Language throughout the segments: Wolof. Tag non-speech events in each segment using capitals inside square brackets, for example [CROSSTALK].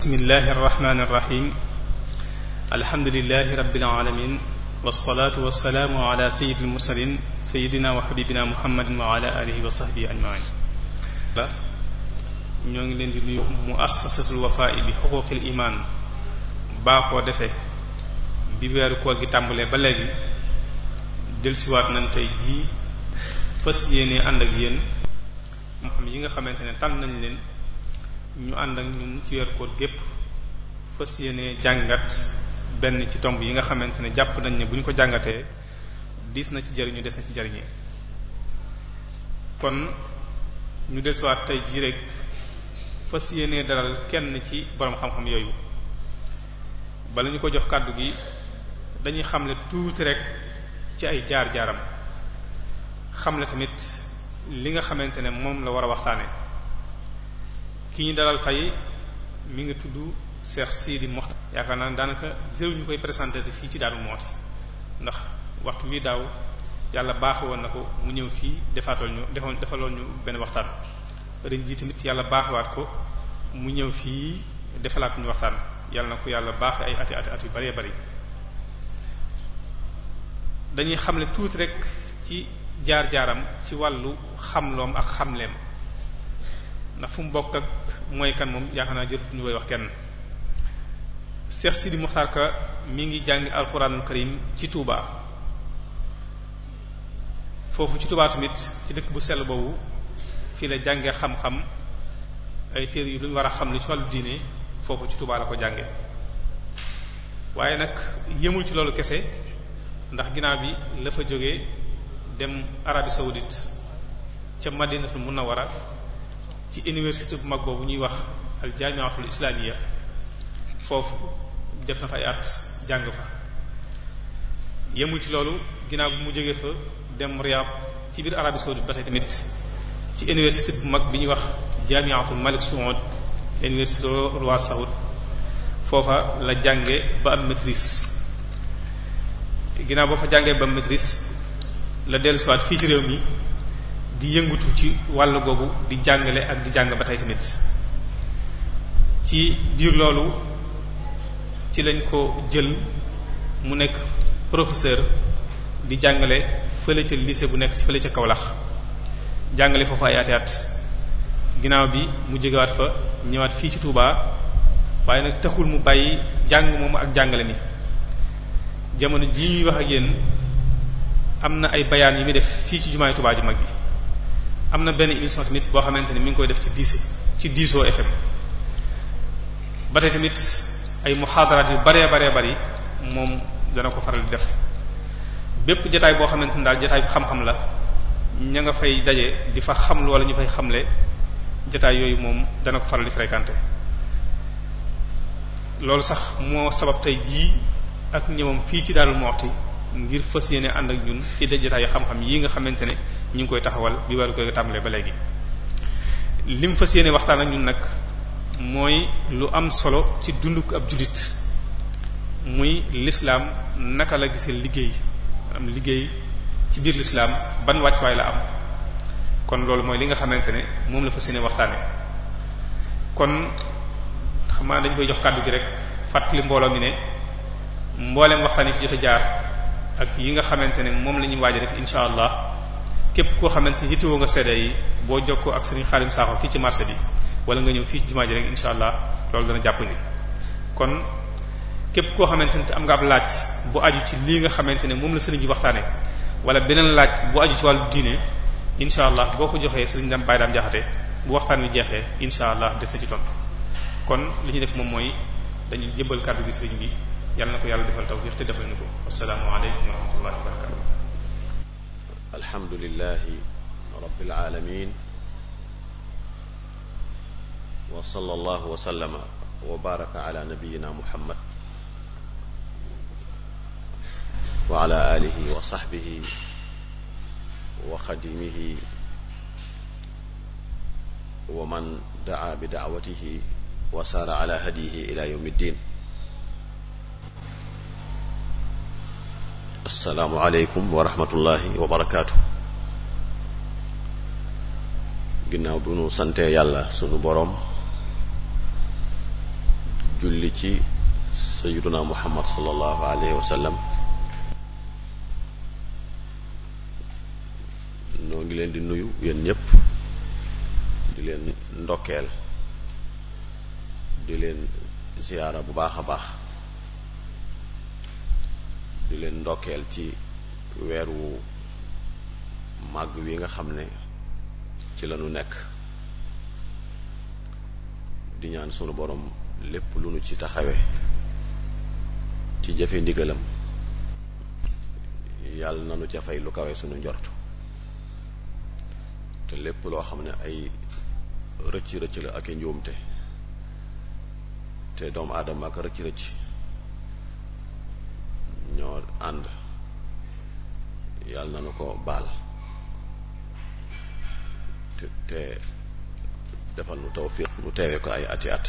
bismillahi arrahmani irrahim alhamdulilahi rabilalamin walsalaatu walsalaamu ala sayidi almursalin sayidina wa xabibina muhammadin wa ala alihi wa saxbihi ñoo ngi leen di nuyu muassasatul wafaa'i bi xuquqil iman baaxoo defee bi weeru gi tàmbalee ba jii fas yéenee ànd ak yéen moo xam yi nga xamante ne tànn nañ leen ñu ànd ak ñun ci weer koor gépp fas yéene jàngat benn ci tomb yi nga xamante ne jàpp nañ ne bu ñu ko jàngatee diis na ci jariñu des na ci jariñe kon ñu desuwaat tey jii rek fas yéene dalal kenn ci boroom xam-xam yooyu bala ñu ko jox kàddu gi dañuy xamle tuuti rek ci ay jaar-jaaram xamle tamit li nga xamante ne moom la war a waxtaane ki ñu dalal tey mi ngi tudd Cheikh Sidi Mokhtar yaakaar naa daanaka jël ñu koy présenté fii ci Darou Moukhty ndax waxtu wi daaw yàlla baaxe woon na ko mu ñëw fii defaatool ñu defoon defaloon ñu benn waxtaan ren jii baax yàlla baaxewaat ko mu ñëw fii defalaatuñu waxtaan yàlla na ko yàlla baax ay ati ati at yu bëree bëri dañuy xamle tuuti rek ci jaar-jaaram ci wàllu xamloom ak xamleem ndax fu mu bokk ak mooy kan moom yaakaar naa jërut ñu koy wax kenn Cheikh Sidi mu Ka mi ngi jàngi alxuraanul karim ci tuubaa foofu ci Touba tamit ci dëkk bu sell boobu fii la jànge xam-xam ay téere yu lu ñu war a xam lu ci wàllu diine foofu ci Touba la ko jànge waaye nag yëmul ci loolu kese ndax ginnaaw bi la fa jógee dem Arabie saoudite ca Madinatul Munawwara ci université bu mag boobu ñuy wax ak jaamiatul islamiya foofu def na fa ay at jàng fa yemul ci loolu ginnaaw bi mu jógee fa dem Riyad ci biir Arabie saoudite ba tey tamit ci université bu mag bi ñuy wax jaamiatul Malik Saoud université roi Saoud foofa la jànge ba am maîtrise ginnaaw boo fa jàngee ba am maîtrise la dellusiwaat fii ci réew mi di yëngutu ci wàll googu di jàngale ak di jàng ba tey tamit ci biir loolu ci lañ ko jël mu nekk professeur di jàngale fële ca lycée bu nekk ci fële ca kawlax jàngale foofu ay ati at ginnaaw bi mu jógewaat fa ñëwaat fii ci Touba waaye nag taxul mu bàyyi jàng moomu ak jàngale mi jamono jii ñuy wax ak yéen am na ay bayaan yi muy def fii ci jumaay Touba ju mag bi am na benn émission tamit boo xamante ni mi ngi koy def ci diise ci diisoo FM ba tamit ay muxaadaraat yu baree baree bari moom dana ko faral di def bépp jataay boo xamante ni daal jataay bu xam-xam la ña nga fay daje di fa xam wala ñu fay jataay yooyu moom dana ko faral di fréquenter loolu sax moo sabab tey jii ak ñëwam fii ci Darou Moukhty ngir fas yéene ànd ak ñun ci jataayu xam-xam yi nga xamante ne. ñu ngi koy taxawal bi war koy tàmbalee ba léegi lim fas yéene waxtaan ak ñun nag mooy lu am solo ci dunduk ab jullit muy lislaam naka la gisee liggéey am liggéey ci biir lislaam ban wàccuwaay la am kon loolu mooy li nga xamante ne moom la fas yéene waxtaane kon xam naa dañ koy jox kàddu gi rek fàttali mbooloo mi ne mbooleem waxtaan yi fi jot jaar ak yi nga xamante ne moom la ñuy waaj a def incha allah képp koo xamante ni yittewoo nga seede yi boo jokkoo ak Serigne Xaadim Sakho fii ci marché bi wala nga ñëw fii ci jumaa ji rek insha allah loolu dana jàpp ni kon képp koo xamante ni am nga ab laaj bu aju ci lii nga xamante ne moom la Serigne bi waxtaanee wala beneen laaj bu aju ci wàllu diine incha allah boo ko joxee Serigne Dame Baye Dame Diakhaté bu waxtaan wi jeexee incha allah des na ci kon li ñu def moom mooy dañuy jëbal kàddu bi Serigne bi yàlla na ko yàlla defal tawfiq te defal ñu ko assalaamu alaykum wa alhamdulilahi rabbil alamin wa sallallahu wa sallama wa baraka ala nabiyina muhammad wa ala alihi wa sahbihi wa xadimihi wa man daa bi daawatihi wa saara ala hadihi ila yawmi ddin asalaamualeykum wa rahmatullahi wa ginnaaw bu nu santee yàlla sunu boroom julli ci sayyiduna muhammad sallallahu alayhi wa noo ngi leen di nuyu yéen ñépp di leen ndokkeel di leen ziyaara bu baax a baax di leen ndokkeel ci weer wu màgg wi nga xam ne ci la ñu nekk di ñaan sunu boroom lépp lu nu ci taxawe ci jëfe ndigalam yàlla na nu ca fay lu kawe sunu njort te lépp loo xam ne ay rëcc rëcc la ak i njuumte te doomu aadama ak rëcc rëcc ñoo ànd yàlla na nu ko baal te te defal nu tawfiq nu teewe ko ay ati at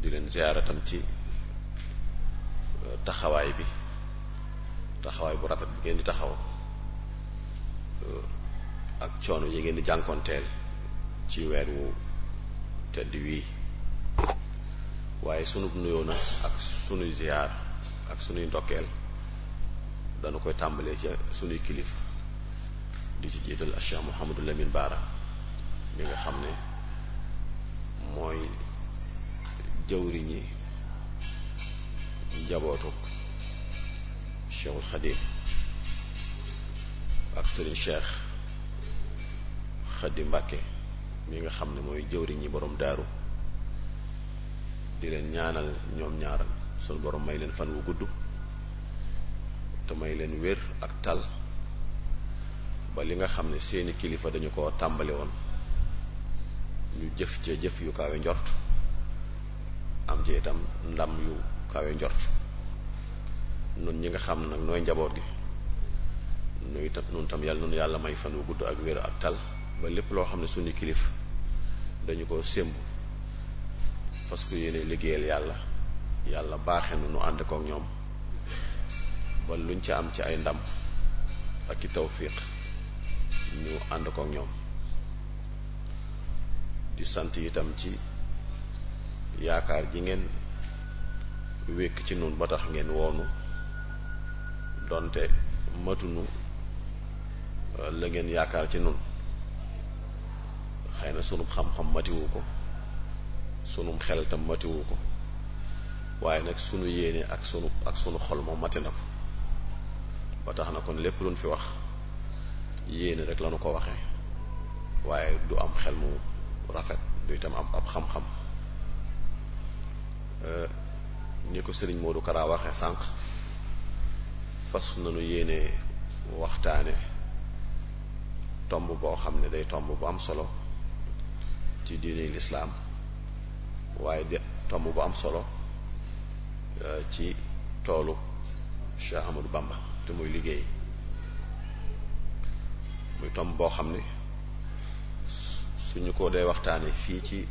di leen ziyaaratam ci euh, taxawaay bi taxawaay bu rafet bi ngeen di taxaw euh, ak coono yi ngeen di jànkoonteel ci weer wu tedd wii waaye sunub nuyoo na ak sunuy ziyaar ak sunuy ndokkeel dana koy tàmbalee ci sunuy kilif di ci jiital Cheikh Mouhamadou Lamine Baara mi nga xam ne mooy jawriñi njabootuk Cheikhul Xadim ak Serigne Cheikh Xadim Mbàkke mi nga xam ne mooy jawriñi boroom daaru di leen ñaanal ñoom ñaaral suñu borom may leen fan wu gudd te may leen wér ak tal ba li nga xam ne seeni kilifa dañu ko tàmbali woon ñu jëf ca jëf yu kawe njort am ci itam ndam yu kawe njort nun ñi nga xam nag nooy njaboot gi nuy tam nun tam yàlla nunu yàlla may fan wu gudd ak wér ak tal ba lépp loo xam ne suñu kilif dañu ko sémb parce que yéene liggéeyal yàlla yàlla baaxe na nu ànd kook ñoom ba luñ ci am ci ay ndam ak i tawfiq ñu ànd kook ñoom di sant itam ci yaakaar ji ngeen wékk ci nun ba tax ngeen woonu donte matunu euh, la ngeen yaakaar ci nun xëy na sunu xam-xam matiwu ko sunum xel tam matiwu ko waaye nag sunu yéene ak sunu ak sunu xol moom mati na ko ba tax na ko lépp luñ fi wax yéene rek lañu ko waxee waaye du am xel mu rafet du tam am ab xam-xam euh, ni ko sëriñ Modou karaa waxee sànq fas nañu yéene waxtaane tomb boo xam ne day tomb bu am solo ci diine lislaam waaye di tomb bu am solo euh, ci toolu Cheikh Amadou Bamba te muy liggéey muy tomb boo xam ne suñu ko dee waxtaanee fii ci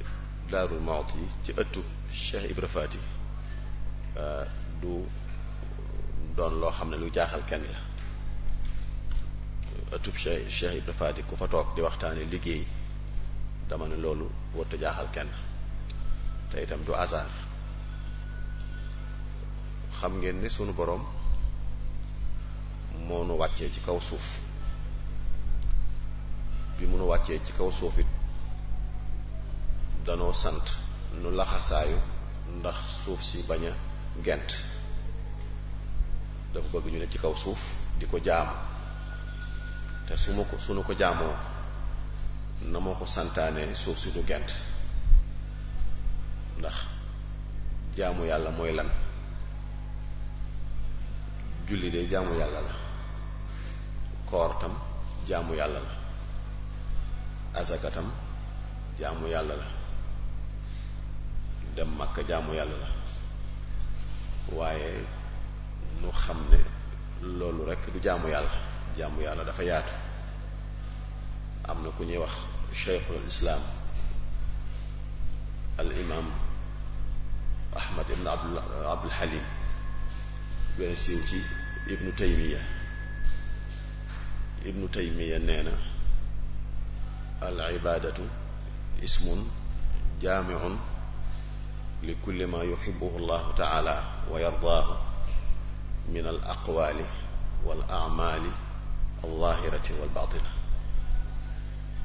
Darou Moukhty yi ci ëttu Cheikh Ibra Fati euh, du doon loo xam ne lu jaaxal kenn la ëttub Cheikh Cheikh Ibra ku fa toog di waxtaanee liggéey dama ne loolu warut jaaxal kenn. te itam du hasard xam ngeen ni sunu boroom moo nu wàccee ci kaw suuf bi munu wàccee ci kaw suuf danoo sant nu laxasaayu ndax suuf si bañ a gent dafa bëgg ñu ne ci kaw suuf di ko jaam te su ma ko sunu ko jaamoo na ma ko santaanee suuf si du gent ndax jaamu yàlla mooy lan julli de jaamu yàlla la koor jaamu yàlla la asaka jaamu yàlla la dem Makka jaamu yàlla la waaye nu xam ne loolu rekk du jaamu yàlla jaamu yàlla dafa yaatu am na ku ñuy wax cheikhul islaam al imam ahmad ibn abdul abdul halim gën a siiw ci ibnu taymiya ibnu taymiya nee na al ibaadatu ismun jaamiun li kulli ma yuhibbuhu allahu taala wa yardaahu min al aqwaali wal amaali al zaahirati wal baatina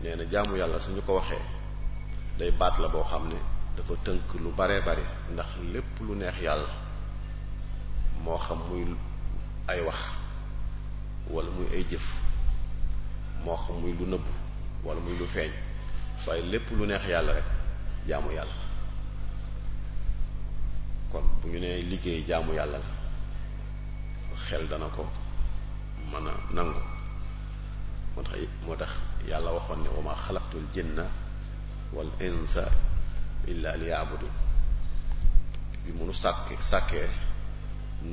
nee na jaamu yàlla suñu ko waxee day baat la boo xam ne dafa tënk lu baree bari ndax lépp lu neex yàlla moo xam muy ay wax wala muy ay jëf moo xam muy lu nëbbu wala muy lu feeñ waaye lépp lu neex yàlla rek jaamu yàlla kon bu ñu nee liggéey jaamu yàlla la xel dana ko mën a nangu moo tax moo tax yàlla waxoon ne wa xalaatul jën na wal insa illa liya'budu bi munu sàkk sàkkee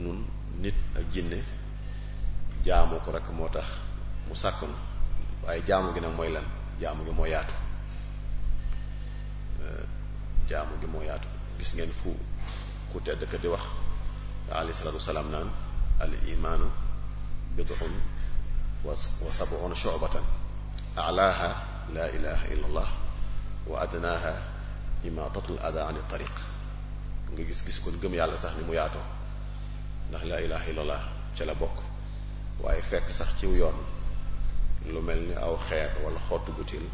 nun nit ak jinne jaamu ko rek moo tax mu sàkk nu waaye jaamu gi nag mooy lan jaamu gi moo yaatu euh, gi moo yaatu gis ngeen fu ku tedd ka di wax alayhi salaatu wasalaam naan al imaanu bid'un wa wa sab'una shu'batan a'laaha la ilaha illa allah wa adnaaha imaatatul ada ani tariq nga gis gis kon gëm yàlla sax ni mu yaatoo ndax laa ilaha illallah ca la bokk waaye fekk sax ciw yoon lu mel ni aw xeer wala xottu butil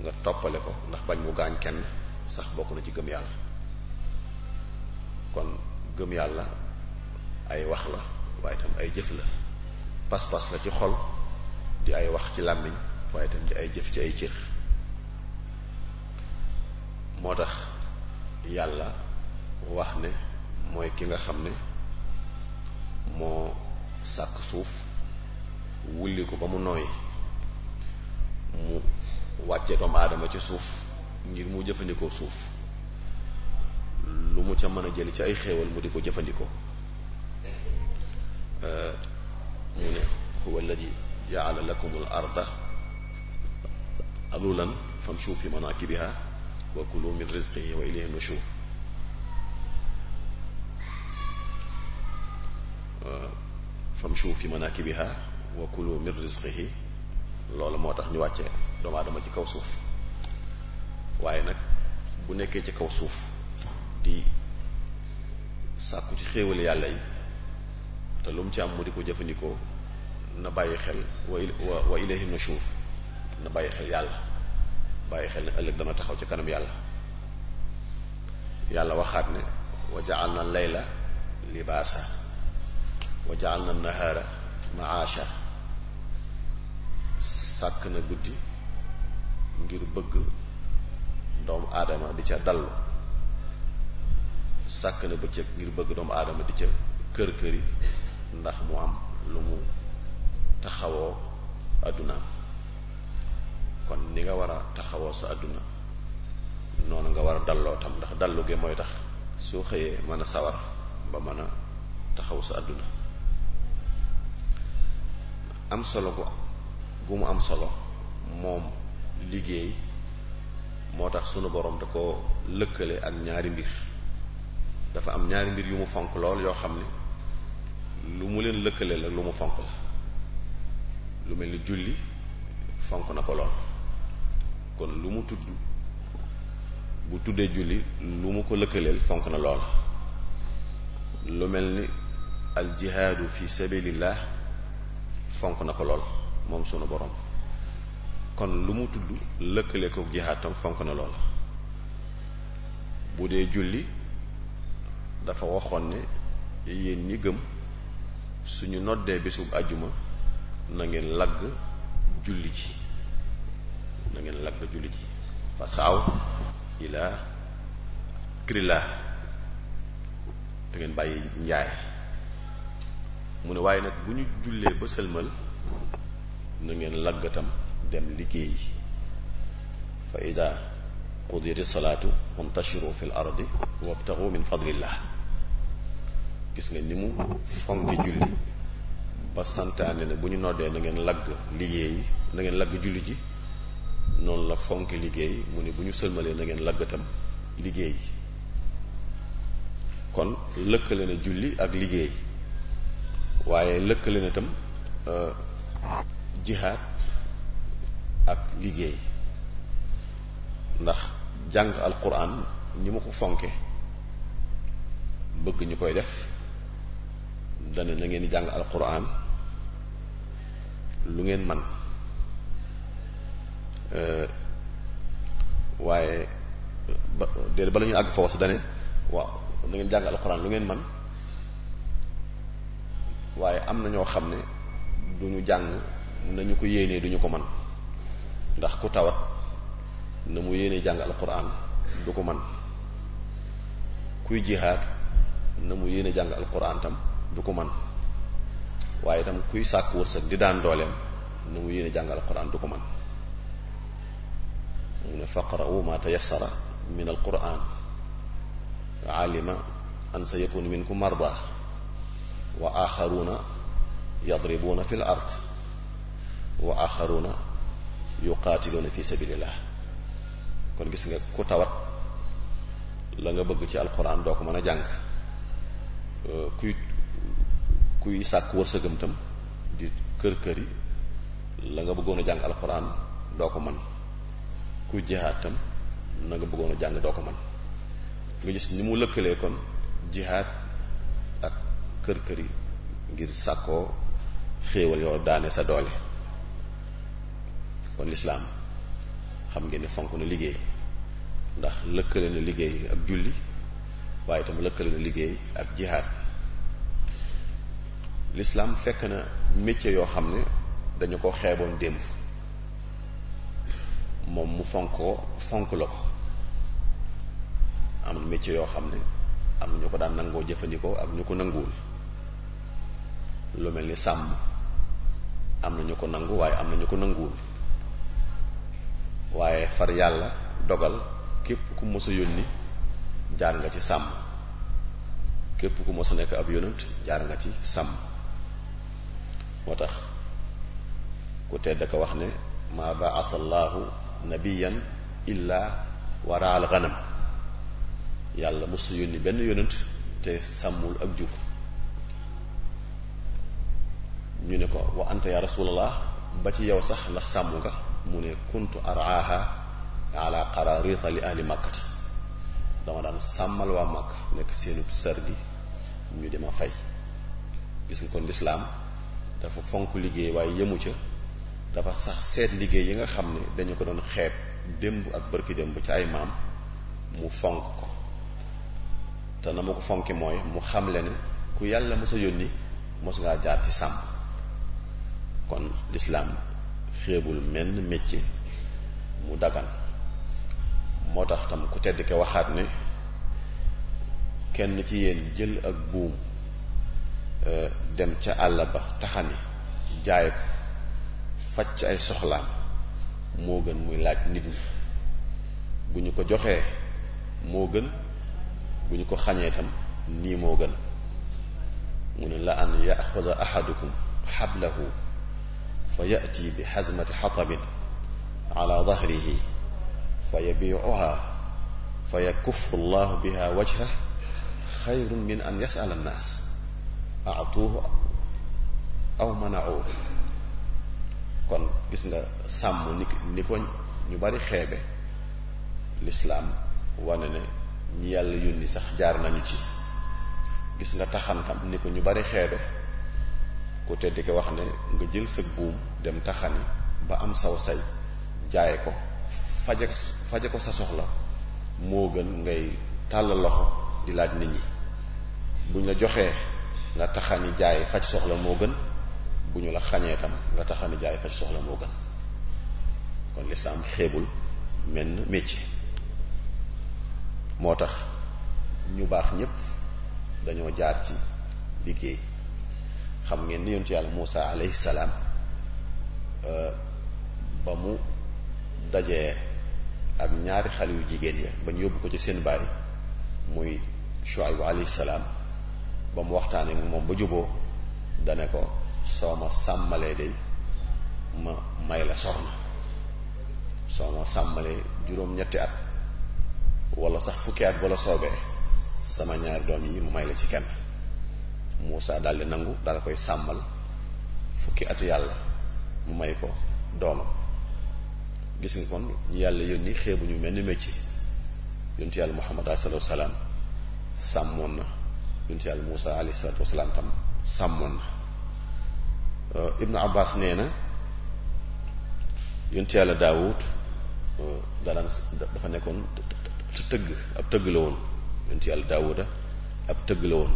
nga toppale ko ndax bañ mu gaañ kenn sax bokk na ci gëm yàlla kon gëm yàlla ay wax la waaye tam ay jëf la pas-pas la ci xol di ay wax ci làmmiñ waaye itam di ay jëf ci ay cër moo tax yàlla wax ne mooy ki nga xam ne moo sàkk suuf wulli ko ba mu nooy mu wàcce doomu aadama ci suuf ngir mu jëfandikoo suuf lu mu ca mën a jëli ci ay xéewal mu di ko jëfandikoo euh, mu ne huwa alladi ja'ala lakum al arda alulan famshu fi manakibiha wa kulu min rizqihi wa ilayhi nushur famshu fi manakibiha wa kulu min rizqihi loolu moo tax ñu wàcce doomu aadama ci kaw suuf waaye nag bu nekkee ci kaw suuf di sàkku ci xéewale yàlla yi te lu mu ci am mu di ko jëfandikoo na bàyyi xel wa wa ilayhi nushur na bàyyi xel yàlla bàyyi xel na ëllëg dana taxaw ci kanam yàlla yàlla waxaat ne wa ja'alna layla libaasa wa ja'alna nahaara maasha sàkk na guddi ngir bëgg doomu aadama di ca dallu sàkk na bëccëg ngir bëgg doomu aadama di ca kër këri ndax mu am lu mu taxawoo addunaam kon ni nga war a taxawoo sa àdduna noonu nga war a dalloo tam ndax dallu ge mooy tax soo xëyee mën a sawar ba mën a taxaw sa àdduna am solo gu gu mu am solo moom liggéey moo tax sunu borom da ko lëkkale ak ñaari mbir dafa am ñaari mbir yu mu fonk lool yoo xam ne lu mu leen lëkkale la lu mu fonk la lu mel ni julli fonk na ko lool kon lu mu tudd bu tuddee julli lu mu ko lëkkaleel fonk na lool lu mel ni al jihaadu fi sabilillah fonk na ko lool moom sunu borom kon lu mu tudd lëkkale ko jihaad fonk na lool bu dee julli dafa waxoon ne yéen ñi gëm suñu noddee bésub àjjuma na ngeen lagg julli ji na ngeen lab ba jullit yi fasaaw ilaa te ngeen bàyyi njaay mu ne waaye nag bu ñu jullee ba sëlmal na ngeen laggatam dem liggéey fa ida qudiyati salaatu fantashiru fi l ardi wabtaxu min fadlillah gis nga ni mu fonki julli ba santaane ne bu ñu noddee na ngeen lagg liggéey na ngeen lagg julli ji noonu la fonke liggéey mu ne bu ñu sëlmalee na ngeen laggatam liggéey kon lëkkale na julli ak liggéey waaye lëkkale na tam euh, jihaad ak liggéey ndax jàng alquran ñi ma ko fonke bëgg ñu koy def dana na ngeen di jàng alquran lu ngeen man Euh, waaye ba déedéet bala ñu àgg foofu sax dane waaw na ngeen jàng alxuraan lu ngeen man waaye am na ñoo xam ne du ñu jàng nañu ko yéenee duñu ko man ndax ku tawat na mu yéenee jàng alxuraan du ko man kuy jihaad na mu yéene jàng alxuraan tam du ko man waaye itam kuy sàkk wërsëg di daan dooleem na mu yéene jàng alxuraan du ko man mu ne faqra'u ma tayassara min alquran alima an sa yakunu minkum marda wa axaruna yadribuuna fi l ard wa axaruna yuqaatiluuna fi sabilillah kon gis nga ku tawat la nga bëgg ci alquran doo ko mën a jàng kuy kuy sàkk wërsëgam tam di kër kër yi la nga bëggoon a jàng alquran doo ko mën ku jihaad tam na nga bëggoon a jàng doo ko man nga gis ni mu lëkkalee kon jihaad ak kër kër yi ngir sàkkoo xéewal yoo daane sa doole kon lislaam xam ngeen ne fonk na liggéey ndax lëkkale na liggéey ak julli waaye itam lëkkale na liggéey ak jihaad lislaam fekk na métier yoo xam ne dañu ko xeeboon démb moom mu fonk ko fonk la ko am na métier yoo xam ne am na ñu ko daan nangoo jëfandikoo ak ñu ko nanguwul lu mel ni sàmm am na ñu ko nangu waaye am na ñu ko nanguwul waaye far yàlla dogal képp ku mos a yónni jaar nga ci sàmm képp ku mos a nekk ab yonent jaar nga ci sàmm moo tax ku tedd ka wax ne maa baasa nabiyan illaa waraal ganam yàlla mosu yónni benn yonent te sàmmul ak jub ñu ne ko wa anta ya rasulallah ba ci yow sax ndax sàmm nga mu ne kuntu araaha ala qararita li ahli makkati dama daan sàmmal waa màkk nekk seenu sardi ñu dema fay gis nga kon lislaam dafa fonk liggéey waaye yëmu ca dafa sax seet liggéey yi nga xam ne dañu ko doon xeeb démb ak bërki démb ca ay maam mu fonk ko te na ma ko fonki mooy mu xam le ne ku yàlla mos a yónni mos ngaa jaar ci sàmm kon lislaam xeebul menn métier mu dagan moo tax tam ku tedd ke waxaat ne kenn ci yéen jël ak buum euh, dem ca àll ba taxani jaay faj ci ay soxlaam moo gën muy laaj nit ñi bu ñu ko joxee moo gën bu ñu ko xañee tam nii moo gën mu ne la an yaxuda ahadukum xablahu fa yati bi xasmati xatabin ala dahrihi fa yabicuha fa yakufu llahu biha wajha xayrun min an yasala annaas atuuhu aw manacuuhu kon gis nga sàmm ni ko ñu bari xeebe lislaam wane ne ñi yàlla yónni sax jaar nañu ci gis nga taxantam ni ko ñu bari xeebe ku tedd ki wax ne nga jël sa buum dem taxani ba am saw say jaay ko faje faje ko sa soxla moo gën ngay tàllal loxo di laaj nit ñi buñ la joxee nga taxani jaay faj soxla moo gën bu ñu la xañee tam nga tax jaay faj soxla moo gën kon lislaam xeebul menn métier moo tax ñu baax ñépp dañoo jaar ci liggéey xam ngeen ni yonentu yàlla Muusa alayhi salaam euh, ba mu dajee ak ñaari xale yu jigéen ya bañ ñu yóbbu ko ci seen baay muy Shuayb alayhi salaam ba mu waxtaanee moom ba juboo dane ko soo ma sàmmalee day ma may la soxna soo ma sàmmalee juróom-ñetti at walla sax fukki at bala soobee sama ñaari doom yi mu may la ci kenn Muusa daldi nangu dala koy sàmmal fukki at yàlla may ko doomam gis nga kon ñu yàlla yónni xeebuñu mel ni métier yontu yàlla Muhammad sallallahu alayhi wasallam sàmmoon na yontu yàlla Muusa alayhi salaatu wasalaam tam sàmmoon na Euh, Ibn Abbas nee na yonent yàlla Daawud euh, daan dafa nekkoon tëgg ab tëgg la woon yonent yàlla Daawuda ab tëgg la woon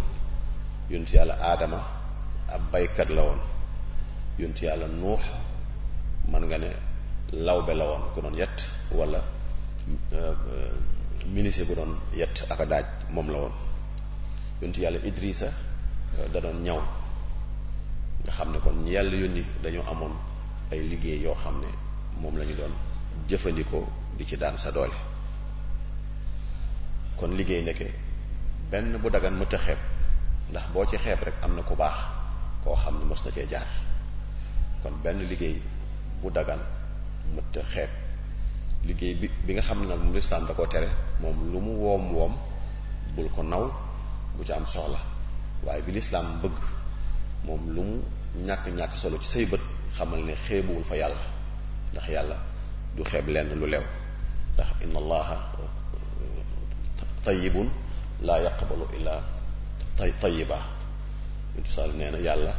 yonent yàlla Aadama ab baykat la woon yonent yàlla Nuux mën nga ne lawbe la woon ku doon yett wala euh, ministre bu doon yett ak a daaj moom la woon yonent yàlla Idrissa da ñaw nga xam ne kon yàlla yàlla yónni dañoo amoon ay liggéey yoo xam ne moom lañu ñu doon jëfandikoo di ci daan sa doole kon liggéey nekke benn bu dagan mënta xeeb ndax boo ci xeeb rek am na ku baax koo xam ne mos na cee jaar kon benn liggéey bu daggan mënta xeeb liggéey bi bi nga xam ne nag mu lislaam da koo tere moom lu mu woom woom bul ko naw bu ci am soxla waaye bi lislaam bëgg moom lu mu ñàkk-ñàkk solo ci say bët xamal ne xeebuwul fa yàlla ndax yàlla du xeeb lenn lu lew ndax inna allaha tayyibun laa yaqbalu illa tay tayyiba intusal nee na yàlla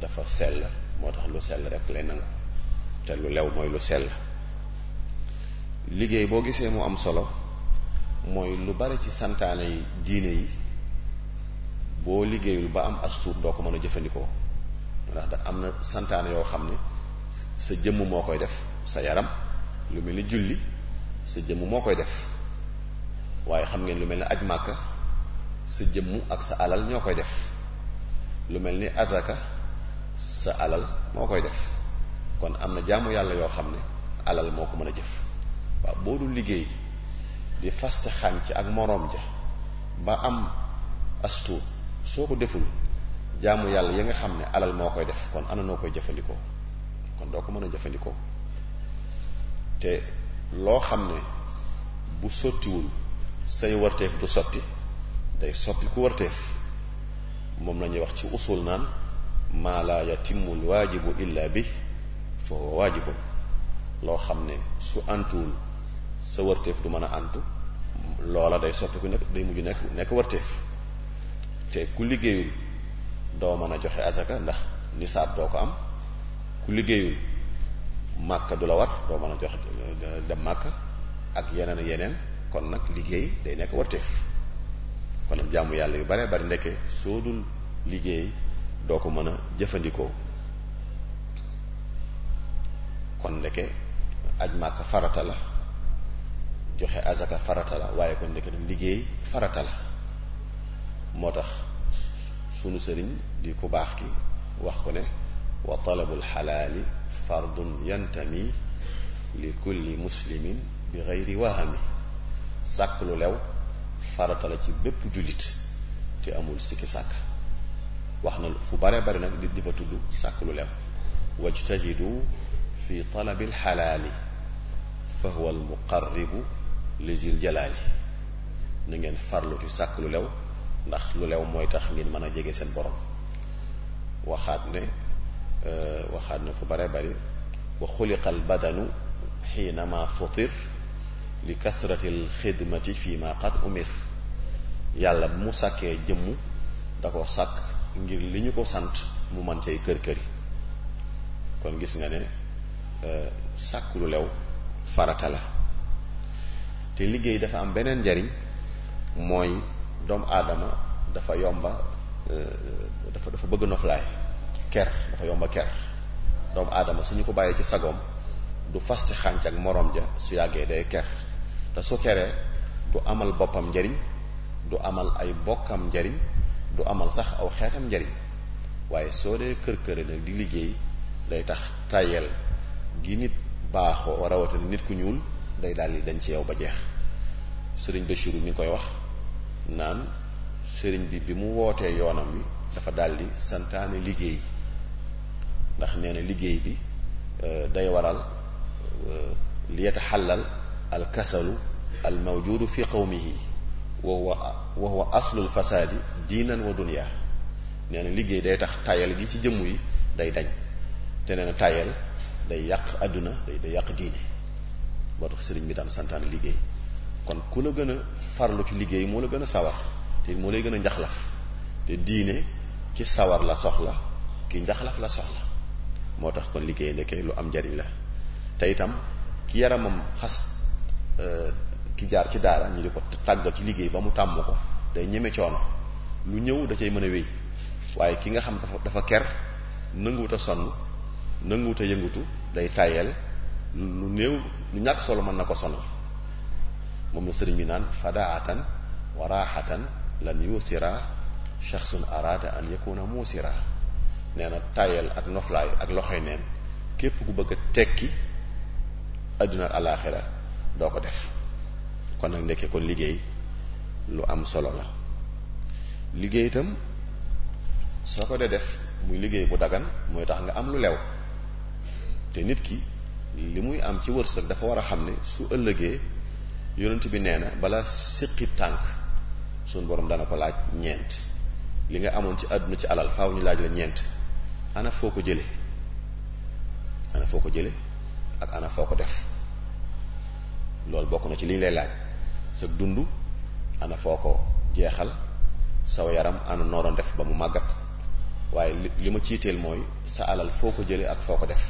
dafa sell moo tax lu sell rek lay nangu te lu lew mooy lu sell liggéey boo gisee mu am solo mooy lu bari ci santaane yi diine yi boo liggéeyul ba am as tuut doo ko mën a jëfandikoo ndax da am na santaane yoo xam ne sa jëmm moo koy def sa yaram lu mel ni julli sa jëmm moo koy def waaye xam ngeen lu mel ni aj màkk sa jëmm ak sa alal ñoo koy def lu mel ni azaka sa alal moo koy def kon am na jaamu yàlla yoo xam ne alal moo ko mën a jëf waaw boo dul liggéey di faste xànc ak moroom ja ba am astu soo ko deful jaamu yàlla ya nga xam ne alal moo koy def kon ana noo koy jëfandikoo kon doo ko mën a jëfandikoo te loo xam ne bu sottiwul say warteef du sotti day soppi ku warteef moom la ñuy wax ci usul naan maa la yatimul waajibu illa bi fa huwa loo xam ne su antuwul sa warteef du mën a ànt loola day soppi ku nekk day mujj nekk nekk warteef te ku liggéeyul doo mën a joxe asaka ndax nisaab doo ko am ku liggéeyul màkka du la war doo mën a jox euh, dem màkka ak yeneen yeneen kon nag liggéey day nekk warteef kon nag jàmm yàlla yu bare bari ndekke soo dul liggéey doo ko mën a jëfandikoo kon ndekke aj màkk farata la joxe azaka farata la waaye kon ndekke liggéey farata la moo tax sunu sëriñ di ku baax ki wax ko ne wa talabul xalaali fardun yantami li kulli muslimin bi geyri wahami sàkk lu lew farata la ci bépp jullit te amul sikki sàkk wax na fu bare bari nag di di fa tudd sàkk lu lew wajtahidu fi talabi alxalaali fa huwa almuqarribu li jil jalaali na ngeen farlu ci sàkk lu lew ndax lu lew mooy tax ngeen mën a jege seen borom waxaat ne euh, waxaat na fu bare bari wa xuliqal badanu xiina ma futir li kasratil xidmati fii ma qad umir yàlla bu mu sàkkee jëmm da ko sàkk ngir li ñu ko sant mu man cay kër kër kon gis nga ne euh, sàkk lu lew farata la te liggéey dafa am beneen njariñ mooy doomu aadama dafa yomba euh, dafa dafa bëgg noflaay ker dafa yomba ker doomu aadama su ñu ko bàyyee ci sagoom du fas ci xànc ak moroom ja su yàggee day ker te su keree du amal boppam njariñ du amal ay bokkam njariñ du amal sax aw xeetam njariñ waaye soo dee kër këre nag di liggéey day tax tayel gi nit baaxoo rawatina nit ku ñuul day daal di dañ ci yow ba jeex Sëriñ Bachirou mi ngi koy wax naan sëriñ bi bi mu wootee yoonam wi dafa daldi santaane liggéey ndax nee liggéey bi euh, day waral euh, li yataxallal al kasalu al mawjudu fi qawmihi wa huwa wa huwa aslul fasaadi diinan wa dunya nee liggéey day tax tayal gi ci jëmm yi day dañ te nee tayal day yàq àdduna day day yàq diine boo tax sëriñ bi daan santaane liggéey kon ku la gën a farlu ci liggéey moo la gën a sawar te moo lay gën a njaxlaf te diine ki sawar la soxla ki njaxlaf la soxla moo tax kon liggéey ndekkee lu am njariñ la te itam ki yaramam xas euh, ki jaar ci daara ñu di ko tàggal ci liggéey ba mu tàmm ko day ñeme coono lu ñëw da cay mën a wéy waaye ki nga xam dafa dafa ker nanguwut a sonn nanguwut a yëngutu day tayel lu néew lu ñàkk solo mën na ko sonal moom la sëriñ bi naan fadaatan wa raxatan lan yusira shaxsun arada an yakuna muusira nee na tayel ak noflaay ak loxoy neen képp ku bëgg a tekki adduna ak doo ko def kon nag ndekkee kon liggéey lu am solo la liggéey itam soo ko dee def muy liggéey bu dagan mooy tax nga am lu lew te nit ki li muy am ci wërsëg dafa war a xam ne su ëllëgee yonent bi nee na bala siqi tànk suñ borom dana ko laaj ñeent li nga amoon ci àdduna ci alal faw ñu laaj la ñeent ana foo ko jële ana foo ko jële ak ana foo ko def loolu bokk na ci li ñu laaj sa dund ana foo ko jeexal saw yaram ana nooroon def ba mu màggat waaye li ma ciiteel mooy sa alal foo ko jële ak foo ko def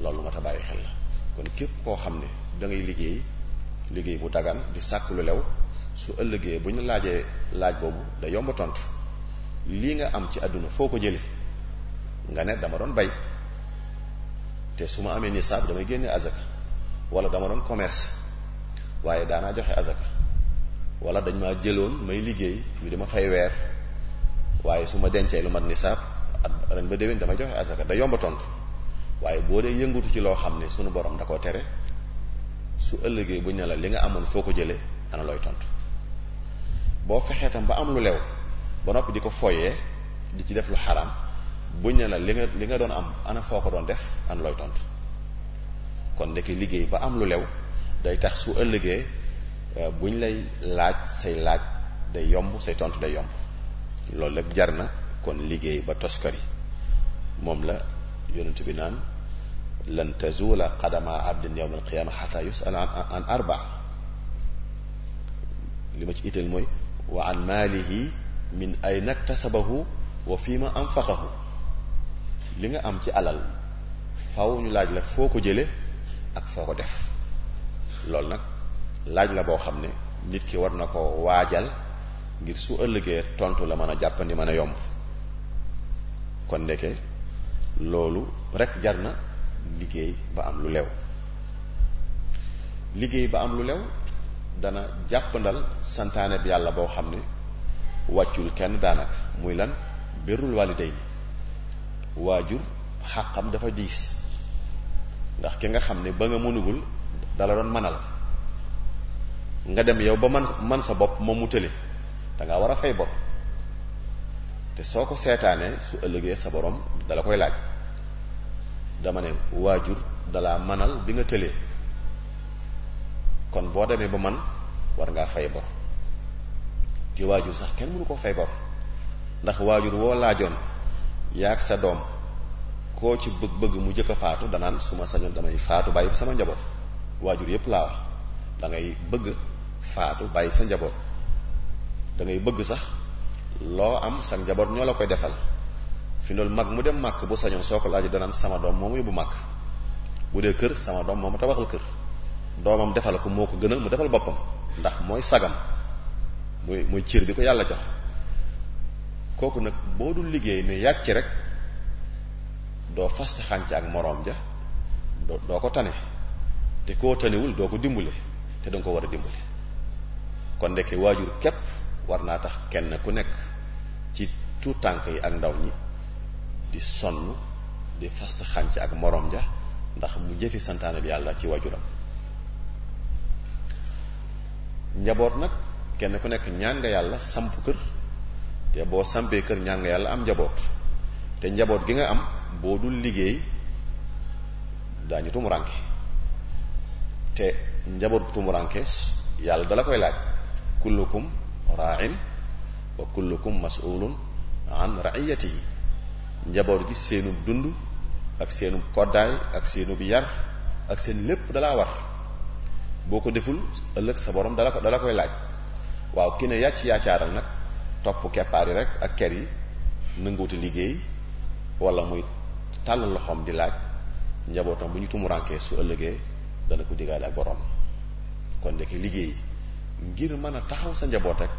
loolu lu bàyyi xel la kon képp koo xam ne dangay liggéey liggéey bu dagan di sàkk lu lew su ëllëgee bu ñu laajee laaj boobu da yomb tontu lii nga am ci àdduna foo ko jële nga ne dama doon bay te su ma amee nisaab damay génne azaka wala dama doon commerce waaye daanaa joxe azaka walla dañ ma jëloon may liggéey ñu di ma fay weer waaye su ma dencee lu mat nisaab at ren ba déwén dama joxe azaka da yomb tontu waaye boo dee yëngutu ci loo xam ne sunu borom da koo tere su ëllëgee bu ñu ne li nga amoon foo ko jëlee ana looy tontu boo fexee tam ba am lu lew ba noppi di ko fooyee di ci def lu xaraam bu ne la li li nga doon am ana foo ko doon def tontu kon ndeke liggéey ba am lu lew day tax su ëllëgee euh, bu lay laaj say laaj day yomb say tontu day yomb loolu lépp jar na kon liggéey ba toskari moom la yonent bi naan lan tazula qadama abdin yawm al qiyama xata yusal an arba li ma ci itteel mooy wa an maalihi min ayna iktasabahu wa fi ma anfaqahu li nga am ci alal faw ñu laaj la foo ko jële ak foo ko def loolu nag laaj la boo xam ne nit ki war na ko waajal ngir su ëllëgee tontu la mën a jàppandi mën a yomb kon ndeke loolu rekk jar na liggéey ba am lu lew liggéey ba am lu lew dana jàppandal santaane bi yàlla boo xam ne wàccul kenn daanaka muy lan birrul waliday waajur xàqam dafa diis ndax ki nga xam ne ba nga mënugul dala doon manal nga dem yow ba man man sa bopp moom mu tële danga war a fay bor te soo ko seetaanee su ëllëgee sa borom dala koy laaj dama ne waajur dalaa manal bi nga tëlee kon boo demee ba man war ngaa fay bor te waajur sax kenn mënu ko fay bor ndax waajur woo laajoon yaag sa doom koo ci bëgg-bëgg mu jëkk faatu danaan su ma sañoon damay faatu bàyyi sama njaboot waajur yépp laa wax da bëgg faatu bàyyi sa njaboot dangay bëgg sax loo am sa njaboot ñoo la koy defal fi loolu mag mu dem màkk bu sañoon soo ko laaj danaan sama doom moomu yóbbu màkk bu dee kër sama doom moom moomu tabaxal kër doomam defal ko moo ko gënal mu defal boppam ndax mooy sagam mooy mooy cër bi ko yàlla jox kooku nag boo dul liggéey ne yàcc rek doo fas ci xànc ak moroom ja doo doo ko tane te koo taniwul doo ko dimbale te danga ko war a dimbale kon ndeke waajur képp war naa tax kenn ku nekk ci tuut tànk yi ak ndaw ñi di sonn di fast xànc ak moroom ja ndax mu jëfi santaane bi yàlla ci wajuram njaboot nag kenn ku nekk ñàng yàlla samp kër te boo sampee kër ñaan yàlla am njaboot te njaboot gi nga am boo dul liggéey daañu tumuranke te njaboot bu yàlla dala koy laaj kullukum ra'in wa kullukum mas'ulun an ra'iyatihi njaboot gi seenub dund ak seenub koddaay ak seenub yar ak seen lépp dalaa war boo ko deful ëllëg sa borom dala dala koy laaj waaw ki ne yàcc yaacaaral nag topp keppaar yi rek ak ker yi nanguwuti liggéey wala muy tàll loxoom di laaj njabootam bu ñu tumurankee su ëllëgee dana ko digaale ak borom kon ndeke liggéey ngir mën a taxaw sa njaboot rek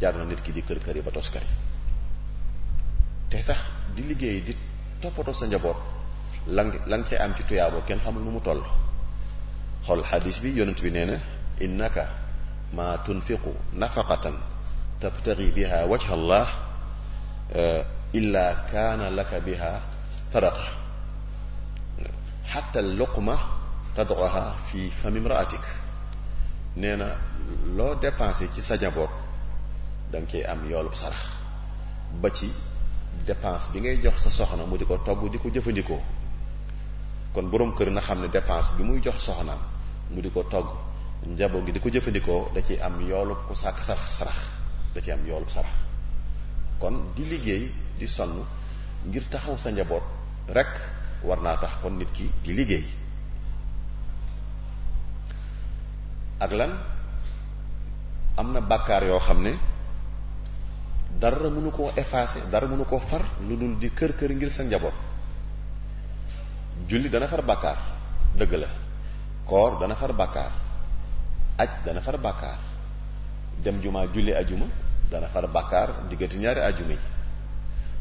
jar na nit ki di kër kër ba tos yi te sax di liggéey di toppatoo sa njaboot la la nga cay am ci tuyaaboo kenn xamul nu mu toll xool xadis bi yonent bi nee na innaka ma tunfiqu nafaqatan tabtaghi biha wajha eh, kaana laka biha sadaqa xatta luqma tad'uha fi fami imra'atik nee na loo dépensé ci sa njaboot da koy cay am yoolub sarax ba ci dépense bi ngay jox sa soxna mu di ko togg di ko jëfandikoo kon boroom kër na xam ne dépense bi muy jox soxnaam mu di ko togg njaboot gi di ko jëfandikoo da ci am yoolub ku sàkk sarax sarax da ci am yoolub sarax kon di liggéey di sonn ngir taxaw sa njaboot rekk war naa tax kon nit ki di liggéey ak lan am na bàkkaar yoo xam ne dara mënu koo effacer dara mënu koo far lu dul di kër kër ngir sa njaboot julli dana far bàkkaar dëgg la koor dana far bàkkaar aj dana far bàkkaar dem jumaa julli ajuma dana far bàkkaar diggante ñaari ajuma yi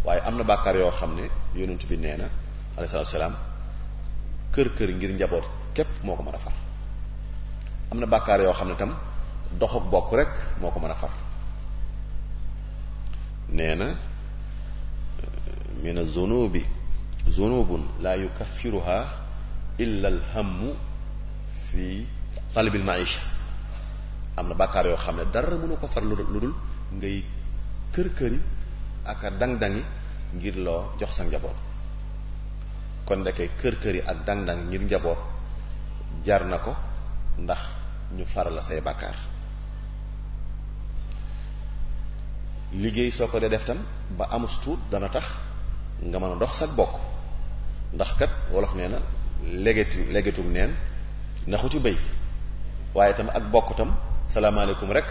waaye am na bàkkaar yoo xam ne yonent bi nee na alayhi salaatu salaam kër kër ngir njaboot képp moo ko mën a far am na bàkkaar yoo xam ne tam doxu bokk rek moo ko mën a far nee na mina euh, zunubi zunubun laa yukaffiruha illa alhammu fi talabil maisha am na bàkkaar yoo xam ne dara mënu ko far lu dul ngay kër-këri ak a dang-dangi ngir loo jox sa njaboot kon ndeke kër-këri ak dang-dang ngir njaboot jar na ko ndax ñu faral say bàkkaar liggéey soo ko dee def tam ba amus tuut dana tax nga mën a dox sag bokk ndax kat wolof nee na légetu légetum neen naxuti béy waaye tam ak bokk tam salaamaaleykum rek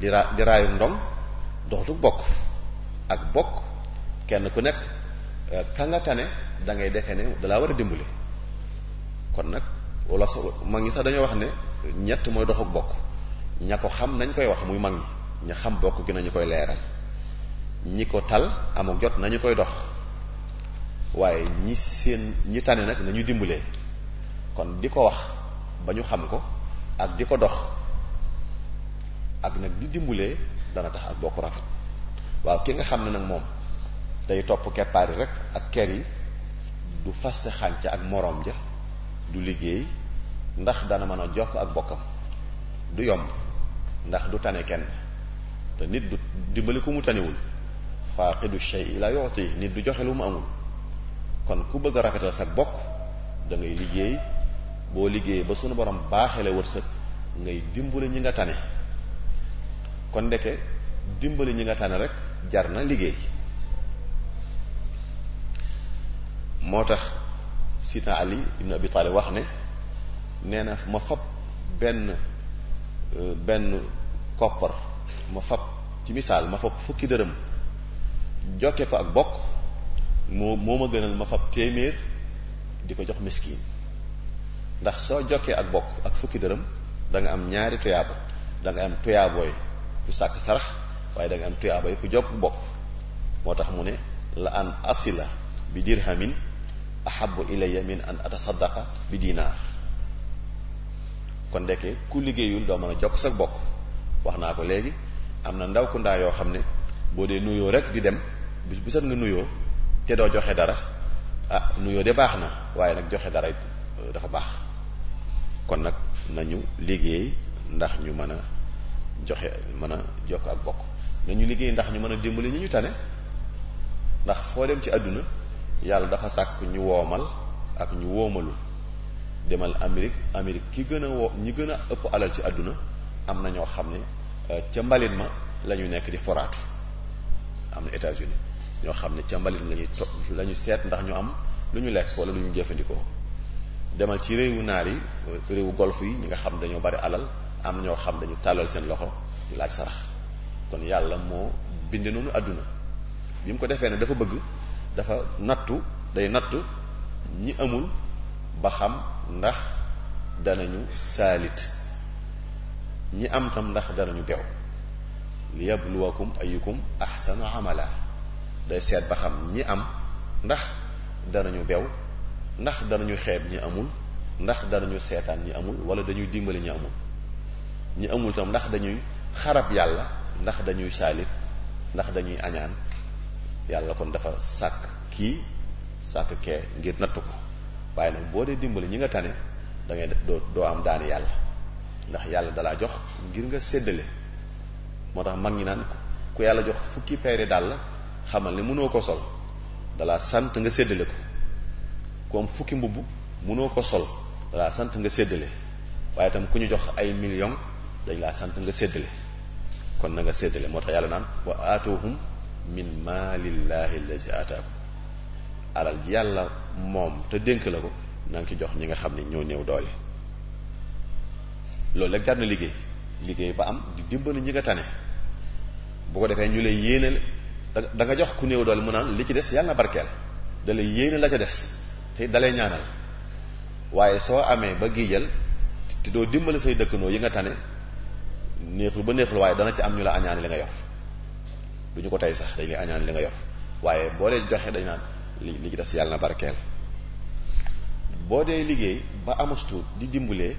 di ra di raayu ndong doxutu bokk ak bokk kenn ku nekk eh, ka nga da ngay defe ne dalaa war a dimbali kon nag wala sa mag ñi sax dañoo wax ne ñett mooy doxuk bokk ña ko xam nañ koy wax muy mag ñi ña xam bokk gi nañu koy leeral ñi ko tal amuk jot nañu koy dox waaye ñi seen ñi tane nag nañu dimbalee kon di ko wax ba ñu xam ko ak di ko dox ak nag di dimbalee dana tax ak bokk rafet waaw ki nga xam ne nag moom day topp keppaar yi rek ak ker yi du faste xànc ak moroom ja du liggéey ndax dana mën a jokk ak bokkam du yomb ndax du tane kenn te nit du dimbali ku mu tanewul faaqidu shay'i la yu'ti nit du joxe lu mu amul kon ku bëgg a rafetal sa bokk dangay liggéey boo liggéey ba suñu borom baaxele wërsëg ngay dimbali ñi nga tane kon ndeke dimbali ñi nga tane rek jar na liggéey moo tax sidna ali ibn abi wax ne nee na ma fab benn benn koppar ma fab ci misaal ma fab fukki dërëm jokke ko ak bokk moo moo ma gënal ma fab téeméer di ko jox miskin ndax soo jokkee ak bokk ak fukki dërëm da am ñaari tuyaaba dangay am tuyaabooy ku sàkk sarax waaye da am tuyaabooy ku jokk bokk moo tax mu ne la an asila bi dirhamin ahabu ilayya min an atasaddaqa bi dinaar kon ndeke ku liggéeyul doo mën a jokk sa bokk wax naa ko léegi am na ndaw ku ndaa yoo xam ne boo dee nuyoo rek di dem bis bu set nga nuyoo te doo joxe dara ah nuyoo de baax na waaye nag joxe dara euh, dafa baax kon nag nañu liggéey ndax ñu mën a joxe mën a jox ak bokk nañu liggéey ndax ñu mën a dimbali ñi ñu ñu tane ndax foo dem ci àdduna yàlla dafa sàkk ñu woomal ak ñu woomalu demal Amérique Amérique ki gën a woo ñi gën a ëpp alal ci àdduna am na ñoo xam ne euh, ca mbalit ma lañu nekk di foraatu am na États-Unis ñoo xam ne ca mbalit lañuy to la ñu seet ndax ñu am lu ñu lekk wala lu ñu jëfandikoo demal ci réewu naar yi réewu golf yi ñi nga xam dañoo bari alal am ñoo xam dañu tàllal seen loxo laaj sarax kon yàlla moo bind noonu àdduna bi mu ko defee ne dafa bëgg dafa nattu day nattu ñi amul ba xam ndax danañu saalit ñi am xam ndax danañu bew li yabluwakum ayukum ahsanu amala day seet ba xam ñi am ndax ñu bew ndax danañu xeeb ñi amul ndax danañu seetaan ñi amul wala dañuy dimbali ñi amul ñi amul tam ndax dañuy xarab yàlla ndax dañuy saalit ndax dañuy añaan yàlla kon dafa sàkk kii sàkk kee ngir natt ko waaye nag boo dee dimbali ñi nga tane da ngay doo doo am daani yàlla ndax yàlla dalaa jox ngir nga séddale moo tax mag ñi naan ku yàlla jox fukki peeri dàll xamal ne mënoo ko sol dalaa sant nga séddale ko ku am fukki mbubb mënoo ko sol dalaa sant nga séddale waaye tam ku ñu jox ay million dañ laa sant nga séddale kon na nga séddale moo tax yàlla naan wa aatuhum min malillahi allazi aataakum alal yàlla moom te dénk la ko na nga ci jox ñi nga xam ne ñoo néew doole loolu rek jar na liggéey liggéey ba am di dimbali ñi nga tane bu ko defee ñu lay yéene da nga jox ku néew doole mu naan li ci des yàlla na barkeel da lay yéene la ca des tey dalay ñaanal waaye soo amee ba giijal te doo dimbali say dëkkandoo yi nga tane neexul ba neexul waaye dana ci am ñu la añaani li nga yor du ñu ko tey sax dañ lay añaani li nga yor waaye boo dee joxee dañ naan li li ci des yàlla barkeel boo dee liggéey ba amas tuut di dimbalee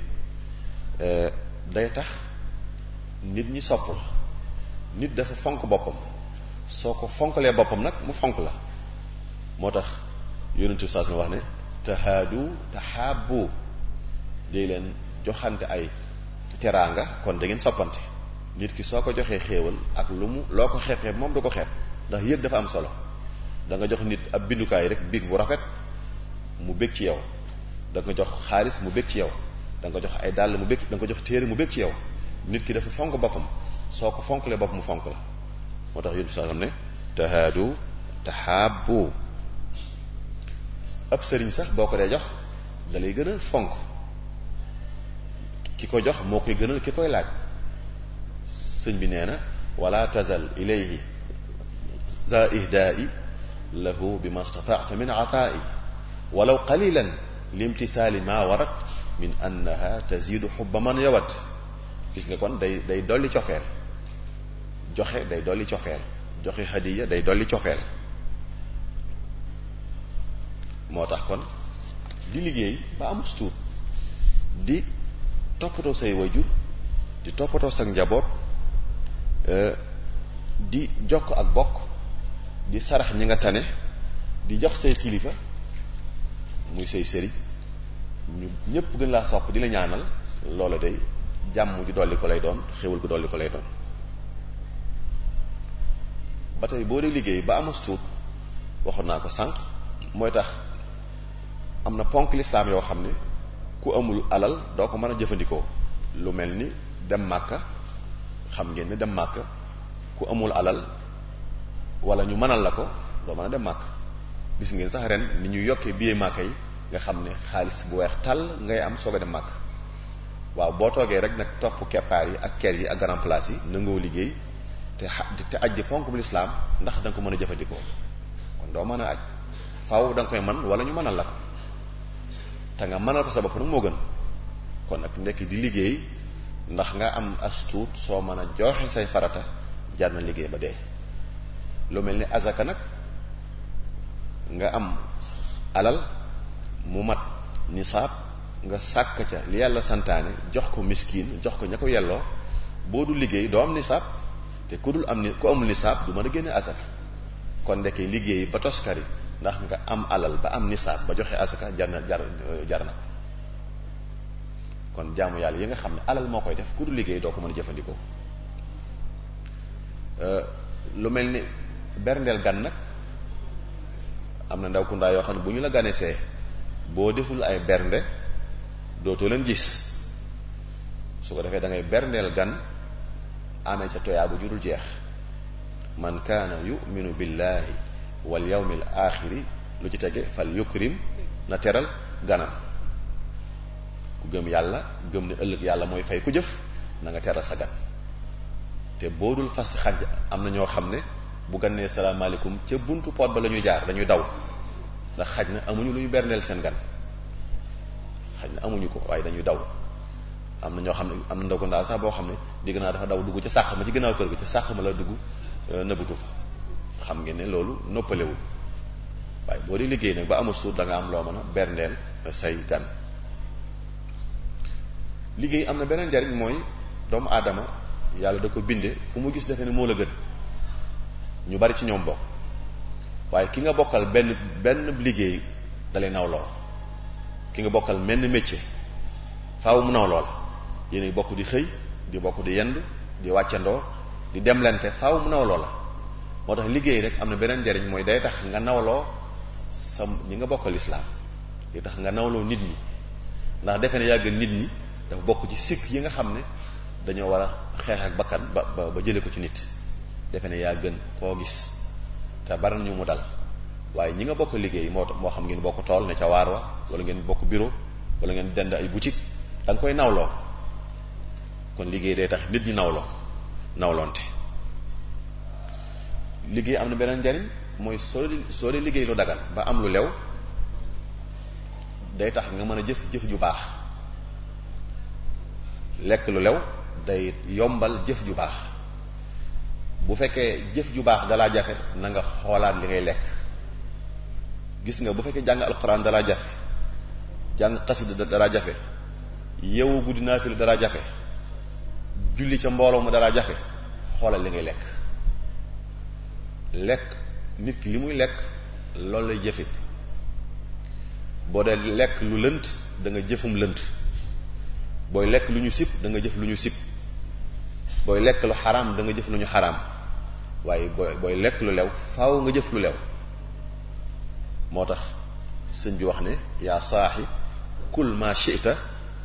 euh, day tax nit ñi sopp la nit dafa fonk boppam soo ko fonkalee boppam nag mu fonk la moo tax yonentu saas na wax ne tahaadu tahaabu day leen joxante ay teraanga kon da ngeen soppante nit ki soo ko joxee xéewal ak lu mu loo ko xeeb moom du ko xeeb ndax yëg dafa am solo da nga jox nit ab bindukaay rek biig bu rafet mu bég ci yow da jox xaalis mu bég ci yow danga jox ay dàll mu bég da nga jox téere mu bég ci yow nit ki dafa fonk boppam soo ko fonkalee bopp mu fonk la moo tax yun saa xam ne tahaadu tahaabu ab sëriñ sax boo ko dee jox dalay lay fonk ki ko jox moo koy gënal ki koy laaj sëñ bi nee na wala tazal ilayhi za ihdaa'i lahu bi ma stataata min ataa'i walaw qalilan limtisaali ma warat min annaha tazidu xubba man yawat gis nga kon day day dolli cofeel joxe day dolli cofeel joxe hadiya day dolli cofeel moo tax kon di liggéey ba am suut di toppatoo say wajur di toppatoo sa njaboot euh, di jokk ak bokk di sarax ñi nga tane di jox say kilifa muy say sëriñ ñu ñépp gën laa sopp di la ñaanal loola day jàmm ju dolli ko lay doon xéwal ko dolli ko lay doon ba tey boo dee liggéey ba amas tuut waxoon naa ko sànq mooy tax am na ponk lislaam yoo xam ne ku amul alal doo ko mën a jëfandikoo lu mel ni dem màkk xam ngeen ne dem màkka ku amul alal wala ñu mënal la ko doo mën a dem màkka gis ngeen sax ren ni ñu yokkee billet màkk yi nga xam ne xaalis bu weex tàll ngay am soog a dem màkk waaw boo toogee rek nag topp keppaar yi ak ker yi ak grand place yi nangoo liggéey te te aj di ponk bu lislaam ndax da ko mën a jëfandikoo kon doo mën a aj faw danga koy man wala ñu mënal la ko te nga mënal ko sa bopp nag moo gën kon nag nekk di liggéey ndax nga am as soo mën a joxe say farata jar na liggéey ba dee lu mel ni azaka nag nga am alal mu mat nisaab nga sàkk ca li yàlla santaane jox ko miskin jox ko ña ko yelloo boo du liggéey doom am nisaab te ku dul am ni ku amul nisaab du mën a génne asaka kon ndekee liggéey ba toskari ndax nga am alal ba am nisaab ba joxee asaka jar na jar ko kon jaamu yàlla yi nga xam ne alal moo koy def ku dul liggéey doo ko mën a jëfandikoo euh, lu mel ni berndeel gan nag am na ndaw kundaa yoo xam ne bu ñu la ganesee boo deful ay bernde dootoo leen gis su ko defee da ngay berndeel gan amee ca toyaaba jurul jeex man kaana yuminu billahi wal yawmil axiri lu ci tege fal yukrim na teral ganam ku gëm yàlla gëm ne ëllëg yàlla mooy fay ku jëf nanga nga teral sa gan te boo dul fas xaj am na ñoo xam ne bu gan nee salaamaaleykum ca buntu pot ba la ñuy jaar dañuy daw ndax xaj na amuñu lu ñu berndeel seen gan xaj na amuñu ko waaye dañuy daw am na ñoo xam ne am na ndogu ndaa sax boo xam ne digg naa dafa daw dugg ca sàq ma ci ginnaaw kër gi ca sàq ma la dugg euh, nëbbutu fa xam ngeen ne loolu noppalewul waaye boo di liggéey nag ba amul suur danga am loo mën a berndeel say gan liggéey am na beneen njariñ mooy doomu aadama yàlla da ko binde ku mu gis defe ne moo la gën ñu bari ci ñoom bokk waaye ki nga bokkal benn benn liggéey dalay naw lool ki nga bokkal menn métier faaw mu naw yéenay bokk di xëy di bokk di yend di wàccandoo di demlante faaw mu nawloo la moo tax liggéey rek am na beneen njariñ mooy day tax nga nawloo sa ñi nga bokkal islaam di tax nga nawloo nit ñi ndax defe ne yàgg nit ñi dafa bokk ci sikk yi nga xam ne dañoo war a xeex bakkan ba ba ba jëlee ko ci nit defe ne yaa gën koo gis te bari ñu mu dal waaye ñi nga bokk liggéey moo tax moo xam ngeen bokk tool ne ca waar wa wala ngeen bokk bureau wala ngeen dend ay boutique da koy nawloo kon liggéey day tax nit ñi nawloo nawlonte liggéey am na beneen njariñ mooy soo di soo di liggéey lu dagal ba am lu lew day tax nga mën a jëf jëf ju baax lekk lu lew day yombal jëf ju baax bu fekkee jëf ju baax dalaa jafe nanga nga xoolaat li ngay lekk gis nga bu fekkee jàng alxuraan dalaa jafe jàng xasida dalaa jafe yeewu guddi naafil dalaa jafe julli ca mbooloo mu dara jafe xoolal li ngay lekk lekk nit ki li muy lekk loolu lay jëfe boo dee lekk lu lënt danga jëfum lënt booy lekk lu ñu sib da nga jëf lu ñu sib booy lekk lu xaraam da jëf lu ñu xaraam waaye booy booy lekk lu lew faaw nga jëf lu lew moo tax sëñ bi wax ne yaa saaxi kul ma shi'ta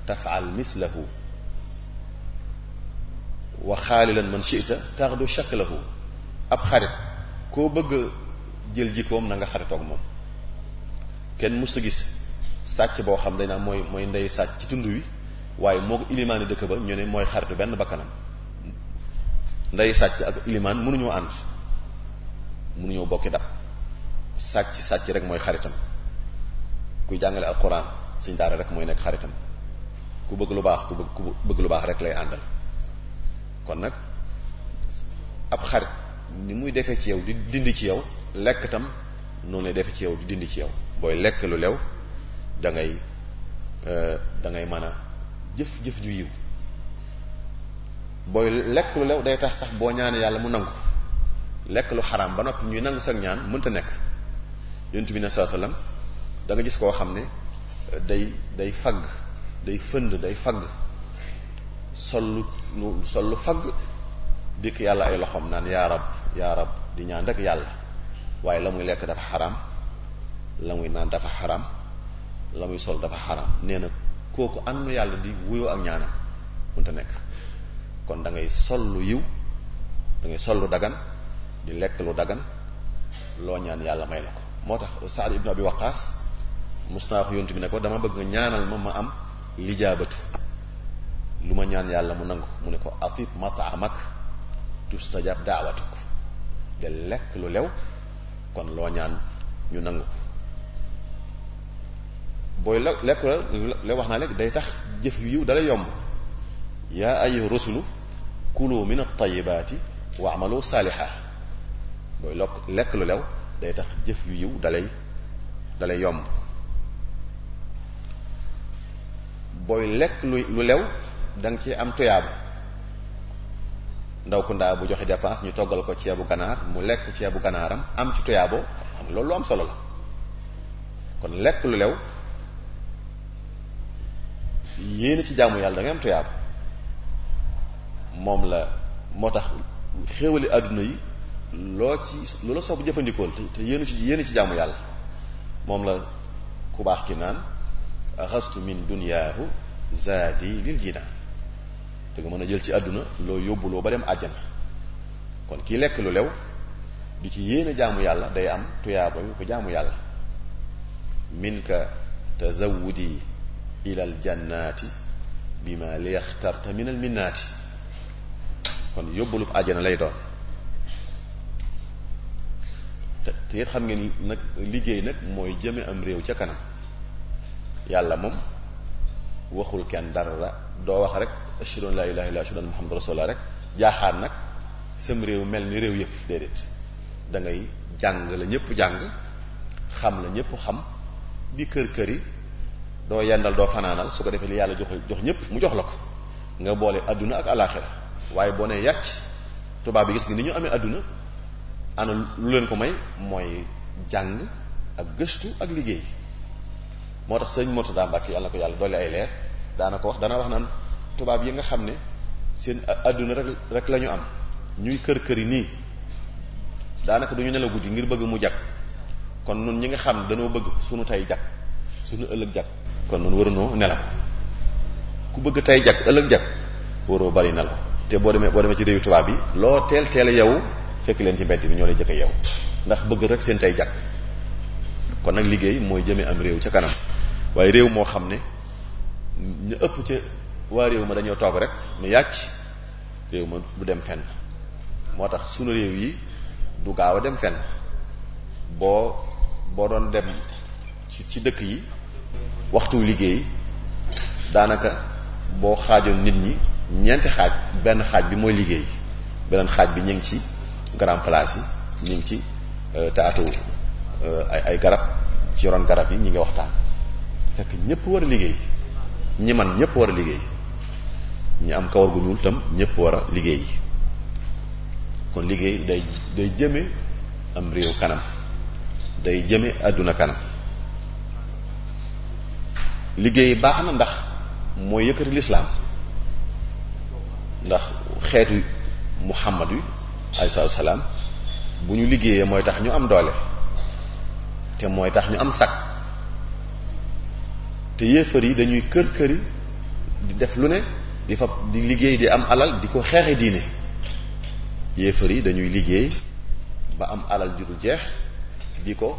taf'al mislahu wa xaalilan man shi'ta taxdu shaklahu ab xarit koo bëgg jël jikkoom na nga xaritoog moom kenn mës a gis sàcc boo xam dañ naan mooy mooy ndey sàcc ci tund wi waaye moo ko ilimaani dëkk ba ñu ne mooy xaritu benn bakkanam ndey sàcc ak ilimaan mënuñoo ànd mënuñoo bokki dab sàcc sàcc rek mooy xaritam kuy jàngale alxuraan suñ daara rek mooy nekk xaritam ku bëgg lu baax ku bëgg lu baax rek lay àndal kon nag ab xarit ni muy defee ci yow di dindi ci yow lekk tam noonu lay defee ci yow di dindi ci yow booy lekk lu lew dangay ngay euh, da mën a jëf jëf ju yiw booy lekk lu lew day tax sax boo ñaanee yàlla mu nangu lekk lu xaraam ba noppi ñuy nangu sax ñaan mënta nekk yonent bi ne saa sallam da gis koo xam ne day day fagg day fënd day fagg sol lu sollu fagg dikk yàlla ay loxoom naan yaa rab yaa rab di ñaan rek yàlla waaye la muy lekk dafa xaram la muy naan dafa xaram la muy sol dafa xaram nee na kooku ànd yàlla di wuyoo ak ñaanam mënta nekk kon dangay sol lu yiw dangay sol lu dagan di lekk lu dagan loo ñaan yàlla may la ko moo tax Saad ibn Abi Waqqas mos naa ko yontu bi ne ko dama bëgg ñaanal ma ma am lijaabatu lu ma ñaan yàlla mu nangu mu ne ko atib mataamak tustajab daawatuk de lekk lu lew kon loo ñaan ñu nangu ko booy lekk wax naa léegi day tax jëf yu yiw yomb yaa ay rusulu kulu min at-tayyibaati wa'malu saaliha booy lu lew day tax jëf yu yiw dalay dalay yomb booy lekk lu lew da ci am tuyaaba ndaw ku ndaa bu joxe dépense ñu toggal ko ceebu ganaar mu lekk ceebu ganaaram am ci tuyaabo xam loolu lu am solo la kon lekk lu lew yéene ci jaamu yàlla da am tuyaaba moom la moo tax xéewali àdduna yi loo ci loola sobu jëfandikool te yéene ci yéene ci jaamu yàlla moom la ku baax ki naan axastu min duniyaahu zaadi lil jinaan da mën a jël ci àdduna loo yóbbuloo ba dem àjjana kon kii lekk lu lew di ci yéene jaamu yàlla day am tuyaaba yu ko jaamu yàlla min ka tazawudi ilal jannaati bi ma leextarta minal minnaati kon yóbbalub àjjana lay doon te te it xam ngeen nag liggéey nag mooy jëme am réew ca kanam yàlla moom waxul kenn dara doo wax rek ashhadu an la laa illallah ashhadu anna muhammadur rasulullah rek jaaxaat nag sam réew mel ni réew yëpp déedéet da ngay jàng la ñëpp jàng xam la ñëpp xam di kër kër yi doo yendal doo fanaanal su ko defee li yàlla joxe jox ñëpp mu jox la ko nga boole adduna ak alaxira waaye boo nee yàcc tubaab bi gis nga ni ñu amee adduna ana lu leen ko may mooy jàng ak gëstu ak liggéey moo tax sëñ Murtada Mbàkke yàlla ko yàlla doole ay leer daana ko wax dana wax naan tubaab yi nga xam ne seen àdduna rek rek la am ñuy kër kër yi nii daanaka duñu nelaw guddi ngir bëgg mu jag kon nun ñi nga xam dañoo bëgg sunu tey jag suñu ëllëg jag kon nun warunoo nelaw ku bëgg tey jag ëllëg jag bari nelaw te boo demee boo demee ci réewu tubaab yi loo teel teel a yow fekk leen ci mbedd bi ñoo lay jëkk a yow ndax bëgg rek seen tey jag kon nag liggéey mooy jëmee am réew ca kanam waaye réew moo xam ne ñu ëpp ci waa réew ma dañoo toog rek nu yàcc réew ma du dem fen moo tax sunu réew yi du gaaw a dem fen boo boo doon dem ci dëkk yi waxtu liggéey daanaka boo xaajoon nit ñi ñeenti xaaj benn xaaj bi mooy liggéey beneen xaaj bi ñu ngi ci grand place yi ñu ngi ci euh, taatu euh, ay ay garab ci ron garab yi ñu ngi waxtaan fekk ñépp war a liggéey ñi man ñëpp war a liggéey ñu am kawar gu ñuul tam ñëpp war a liggéey kon liggéey day day jëme am réew kanam day jëme àdduna kanam liggéey baax na ndax mooy yëkkati lislaam ndax xeetu muhammad wi alayhi salaam bu ñu liggéeyee mooy tax ñu am doole te mooy tax ñu am sag te yéefar yi dañuy kër këri di def lu ne di fa di liggéey di am alal di ko xeexe diine yéefar yi dañuy liggéey ba am alal ju dul jeex di ko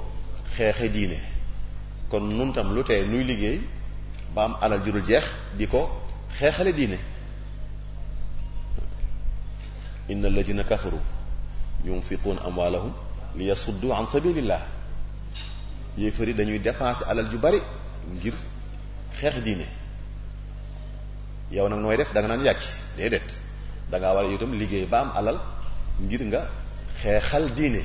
xeexe diine kon nun tam lu tee nuy liggéey ba alal ju jeex di ko xeexale diine inna alladina kafaru yunfiquuna amwaalahum li yasuddu an sabilillah yéefar yi dañuy dépenser alal yu bari ngir xeex diine yow nag nooy def danga nga naan yàcc déedéet da ngaa war a yow liggéey ba am alal ngir nga xeexal diine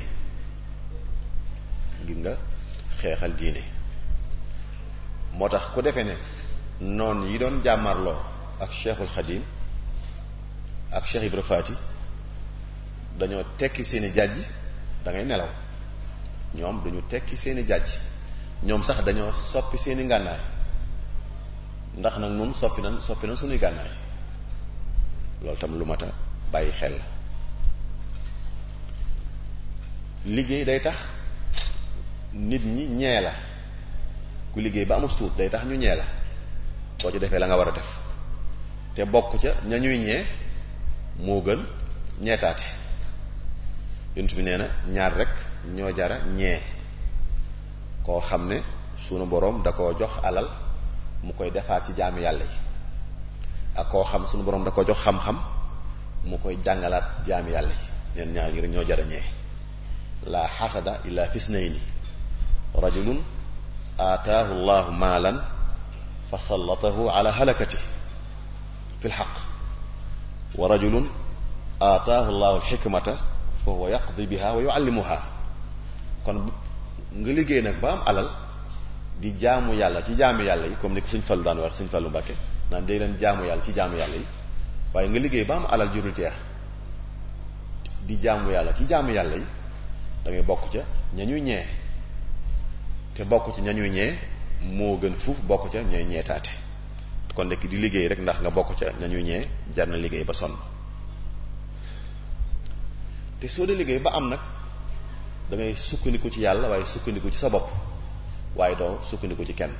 ngir nga xeexal diine moo tax ku defe ne noon yi doon jàmmarloo ak Cheikhul Khadim ak Cheikh Ibra Fati dañoo tekki seeni jàjj dangay ngay nelaw ñoom duñu tekki seeni jàjj ñoom sax dañoo soppi seeni ngànnaay ndax nag nun soppi nan soppi nan suñuy gànnaay loolu tam lu mat a bàyyi xel liggéey day tax nit ñi ñee la ku liggéey ba amus tuut day tax ñu ñee la soo ci defee la nga war a def te bokk ca ña ñuy ñee moo gën ñeetaate yonent bi nee na ñaar rekk ñoo jara ñee koo xam ne sunu boroom da koo jox alal mu koy defaat ci jaami yàlla yi ak koo xam sunu boroom da ko jox xam-xam mu koy jàngalaat jaami yàlla yi neen ñaar ñu ñoo jarañee la xasada illa fisnayni rajulun aataahu llahu maalan fi lxaq wa rajulun aataahu llahu fa huwa yaqdi biha liggéey nag ba alal di jaamu yàlla ci jaamu yàlla yi comme ni ko suñ fallu daan wax suñ fallu mbàkke naan day leen jaamu yàlla ci jaamu yàlla yi waaye nga liggéey ba am alal jurul di jaamu yàlla ci jaamu yàlla yi bokk ca ña ñuy ñee te bokk ci ña ñuy ñee moo gën fuuf bokk ca ñooy ñeetaate kon nekk di liggéey rek ndax nga bokk ca ña ñuy ñee jar na liggéey ba sonn te soo dee liggéey ba am nag da ngay sukkandiku ci yàlla waaye sukkandiku ci sa bopp waaye doo sukkandiku ci kenn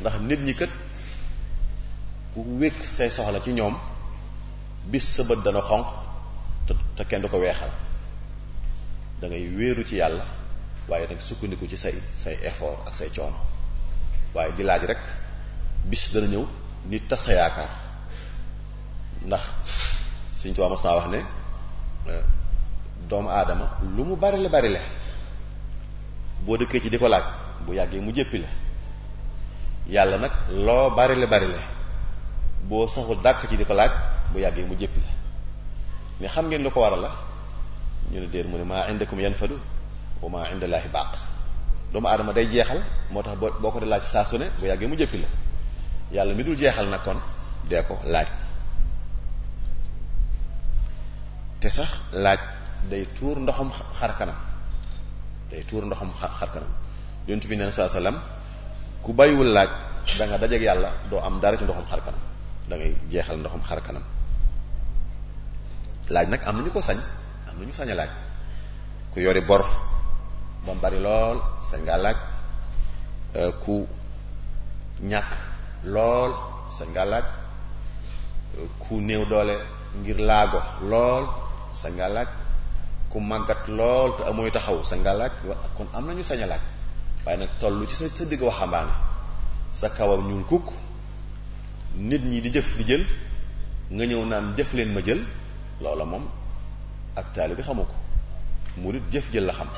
ndax nit ñi kat ku wékk say soxla ci ñoom bis sa bët dana xonq te te kenn du ko weexal dangay wéeru ci yàlla waaye nag sukkandiku ci say say effort ak say coono waaye di laaj rek bis dana ñëw nit tas sa yaakaar ndax suñ tubaab mas naa wax ne euh, doomu aadama lu mu bari la bari la boo dëkkee ci di ko laaj bu yàggee mu jéppi la yàlla nag loo bari la bari la boo saxul dàkk ci di ko laaj bu yàggee mu jéppi la ne xam ngeen lu ko waral la ñu ne déer mu ne maa indakum yanfadu wa maa indallaahi baax doomu aadama day jeexal moo tax boo boo ko di laaj saa su bu yàggee mu jëppi la yàlla mi dul jeexal nag kon dee ko laaj te sax laaj day tuur ndoxam xar kanam day tuur ndoxam xar kanam yontu bi neen saa salaam ku bàyyiwul laaj da nga dajeeg yàlla doo am dara ci ndoxum xarkanam da ngay jeexal ndoxum xarkanam laaj nag am na ñu ko sañ am na ñu sañ a laaj ku lool sañ euh, ku ñàkk lool sañ ngaa laaj euh, ku néew doole ngir laago lool sañ ngaa laaj ku màggat lool te amooy taxaw sañ ngaa laaj kon am na ñu sañ laaj waaye nag toll ci sa sa digg waxambaane sa kawar ñuul kukk nit ñi di jëf di jël nga ñëw naan jëf leen ma jël loola moom ak taalibe xamu ko murit jëf jël la xam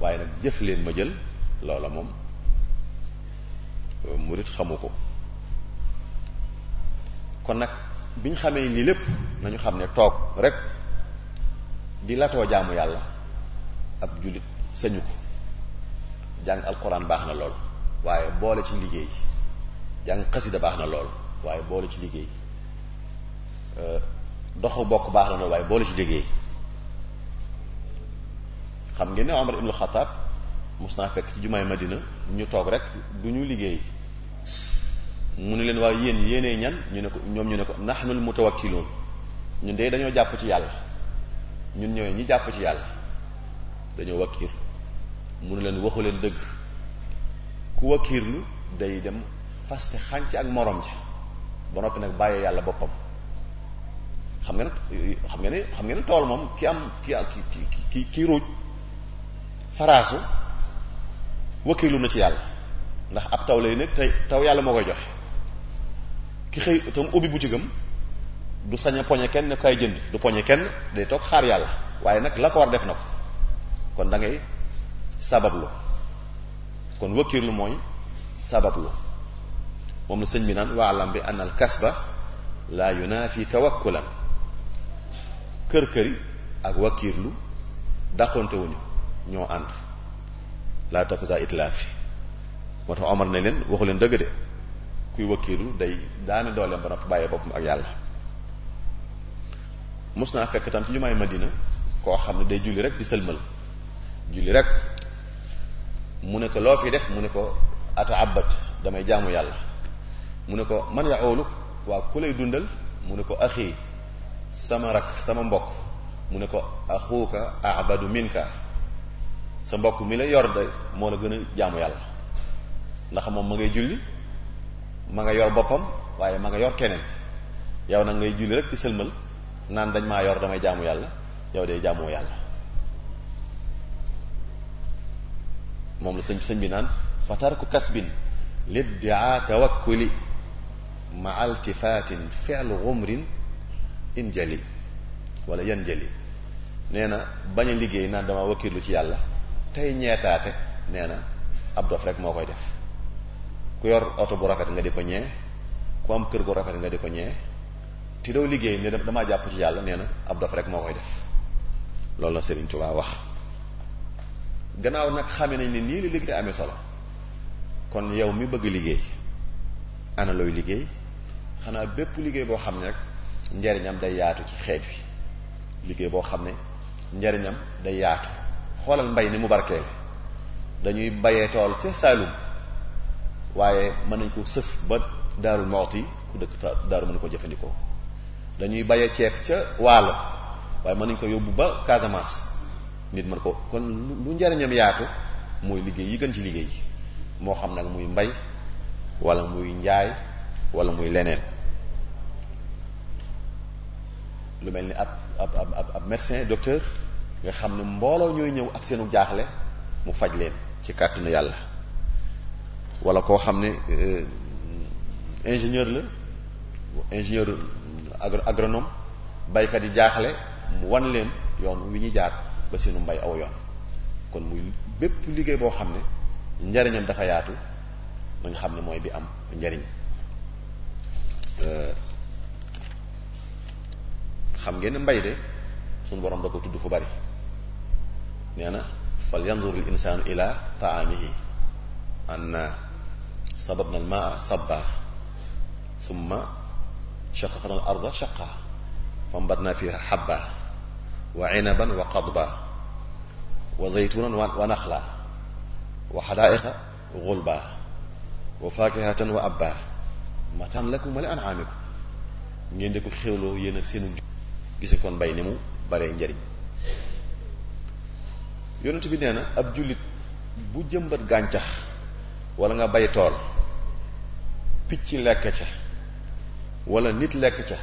waaye nag jëf ma jël loola moom murit xamu ko kon nag bi ñu xamee lii lépp nañu xam ne toog rek di latoo jaamu yàlla ab jullit sañu ko jàng alquran baax na lool waaye boole ci liggéey jàng xasida baax na lool waaye boole ci liggéey euh, doxu bokk baax na lool waaye boole ci liggéey xam ngeen ne Omar ibnul Xataab mos naa fekk ci jumaay Madina ñu toog rek du ñu liggéey mu ne leen waaye yéen yéenee ñan ñu ne ko ñoom ñu ne ko naxnul mutawakkiloon ñun de dañoo jàpp ci yàlla ñun ñooy ñi jàpp ci yàlla dañoo wakkir mu ne leen waxu leen dëgg ku wakiirlu day dem faste xànc ak moroom ja ba noppi nag bàyyi yàlla boppam xam nga ne xam nga ne xam nga ne tool moom ki am ki ki ki ki ruuj faraasu wakiirlu na ci yàlla ndax ab taw lay nekk tey taw yàlla moo koy joxe ki xëy tam ubbi bu ci du sañ a poñe kenn ne kay jënd du poñe kenn day toog xaar yàlla waaye nag la ko war def na ko kon da sabablu kon wakkiirlu mooy sabablu moom na sëñ bi naan waalam bi anal kasba laa yunaafi tawakkulan kër-këri ak wakkiirlu dàqonte wuñu ñoo ànd laa takkusa itlaafi moo tax omar ne leen waxu leen dëgg de kuy wakkiirlu day daane dooleem ba noppi bàyyee boppam ak yàlla mos naa fekk tam ci jumaay Madina koo xam ne day julli rek di sëlmal julli rek mu ne ko loo fi def mu ne ko at ataabat damay jaamu yàlla mu ne ko man yaxooluk waa ku lay dundal mu ne ko axi sama rak sama mbokk mu ne ko axuuka abadu minka sa mbokk mi la yor de moo la gën a jaamu yàlla ndax moom ma ngay julli ma nga yor boppam waaye ma nga yor keneen yow nag ngay julli rek ci sëlmal naan dañ maa yor damay jaamu yàlla yow de jaamoo yàlla moom la sëñ sëñ bi naan fatarku kasbin liddia tawakkuli ma altifatin fi'lu umrin injali wala yanjali nee na bañ liggéey naan dama wakkirlu ci yàlla tey ñeetaate nee na ab dof rek moo koy def ku yor oto bu rafet nga di ko ñee ku am kër gu rafet nga di ko ñee te doo liggéey ne damaa jàpp ci yàlla nee na ab dof rek moo koy def loolu la Serigne Touba wax gannaaw nag xame nañ ne nii la liggéey amee solo kon yow mi bëgg liggéey ana looy liggéey xanaa bépp liggéey boo xam ne rek njariñam day yaatu ci xeet wi liggéey boo xam ne njariñam day yaatu xoolal mbay ni mu barkeel dañuy bayee tool ca Saalum waaye mën nañ ko sëf ba Daaru Muxti ku dëkk daaru mën ko jëfandikoo dañuy bayee ceeb ca Waalo waaye mën nañ ko yóbbu ba Casamance nit mën ko kon lu njariñam yaatu mooy liggéey yi gën ci liggéey yi moo xam nag muy mbay wala muy njaay wala muy leneen lu mel ni ab ab ab ab médecin docteur nga xam ne mbooloo ñooy ñëw ak seenu jaaxle mu faj leen ci kàttanu yàlla wala koo xam ne euh, ingénieur la ingénieur agronome baykat yi jaaxle mu wan leen yoon wi ñu jaar ba seenu mbay aw kon muy bépp liggéey boo xam ne njariñam dafa yaatu na xam ne mooy bi am njariñ euh, xam ngeen ne mbay de suñu borom da ko tudd fu bari nee na fal yanzurul insaanu ila taamihi anna sababna al maa sabba summa shaqaqna al arda shaqqa fambatna habba wa inaban wa qadba wa zaytunan wa naxla wa xadaaiqa gulba wa faakihatan wa abba matan lakum wa ngeen di ko xewloo yéen ak seenu gise kon mbay ni mu bare njariñ yonent bi nee na ab jullit bu jëmbat gàncax wala nga bay tool picc lekk ca wala nit lekk ca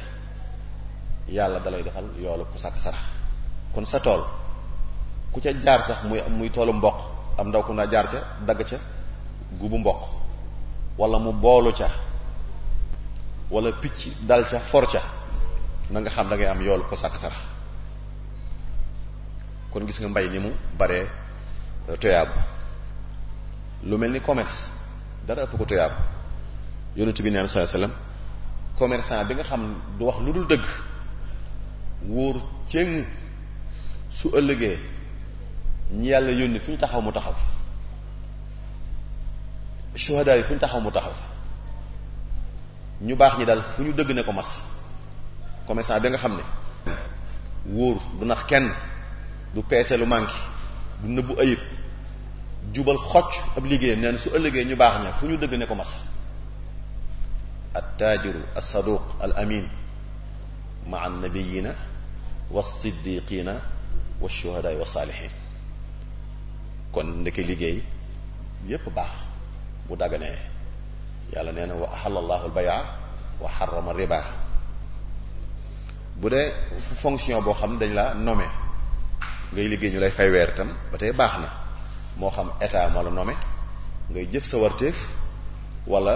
yàlla dalay defal yoolu ku sàkk sarax kon sa tool ku ca jaar sax muy muy toolu mboq am ndaw ku naa jaar ca dagg ca gubu mboq walla mu boolu ca walla picc dal ca for ca na nga xam dangay am yoolu ko sàkk sarax kon gis nga mbay ni mu bare euh, toyaab lu mel ni commerce dara ëpp ko toyaab yonent bi neen sallallahu alayhi wasallam bi nga xam du wax lu dul dëgg wóor cëng su ëllëgee ñi yàlla yónni fu ñu taxaw mu taxaw fa shuhada fu ñu taxaw mu taxaw fa ñu baax ñi daal fu ñu dëgg ne ko mas commerçant bi nga xam ne wóor du nax kenn du peese lu manqué du nëbbu ayib jubal xocc ab liggéeyam neen su ëllëgee ñu baax ña fu ñu dëgg ne ko mas attaajiru as-saduq al amin ma an nabiyina was siddiqina wa shuhadaay wa saalihin kon ndeke liggéey yépp baax bu dagganee yàlla nee na wa ahalla Allahu al-bay'a wa harrama bu dee fonction boo xam ne dañ la nommé ngay liggéey ñu lay fay weer itam ba tey baax na moo xam état moo la nommé ngay jëf sa warteef wala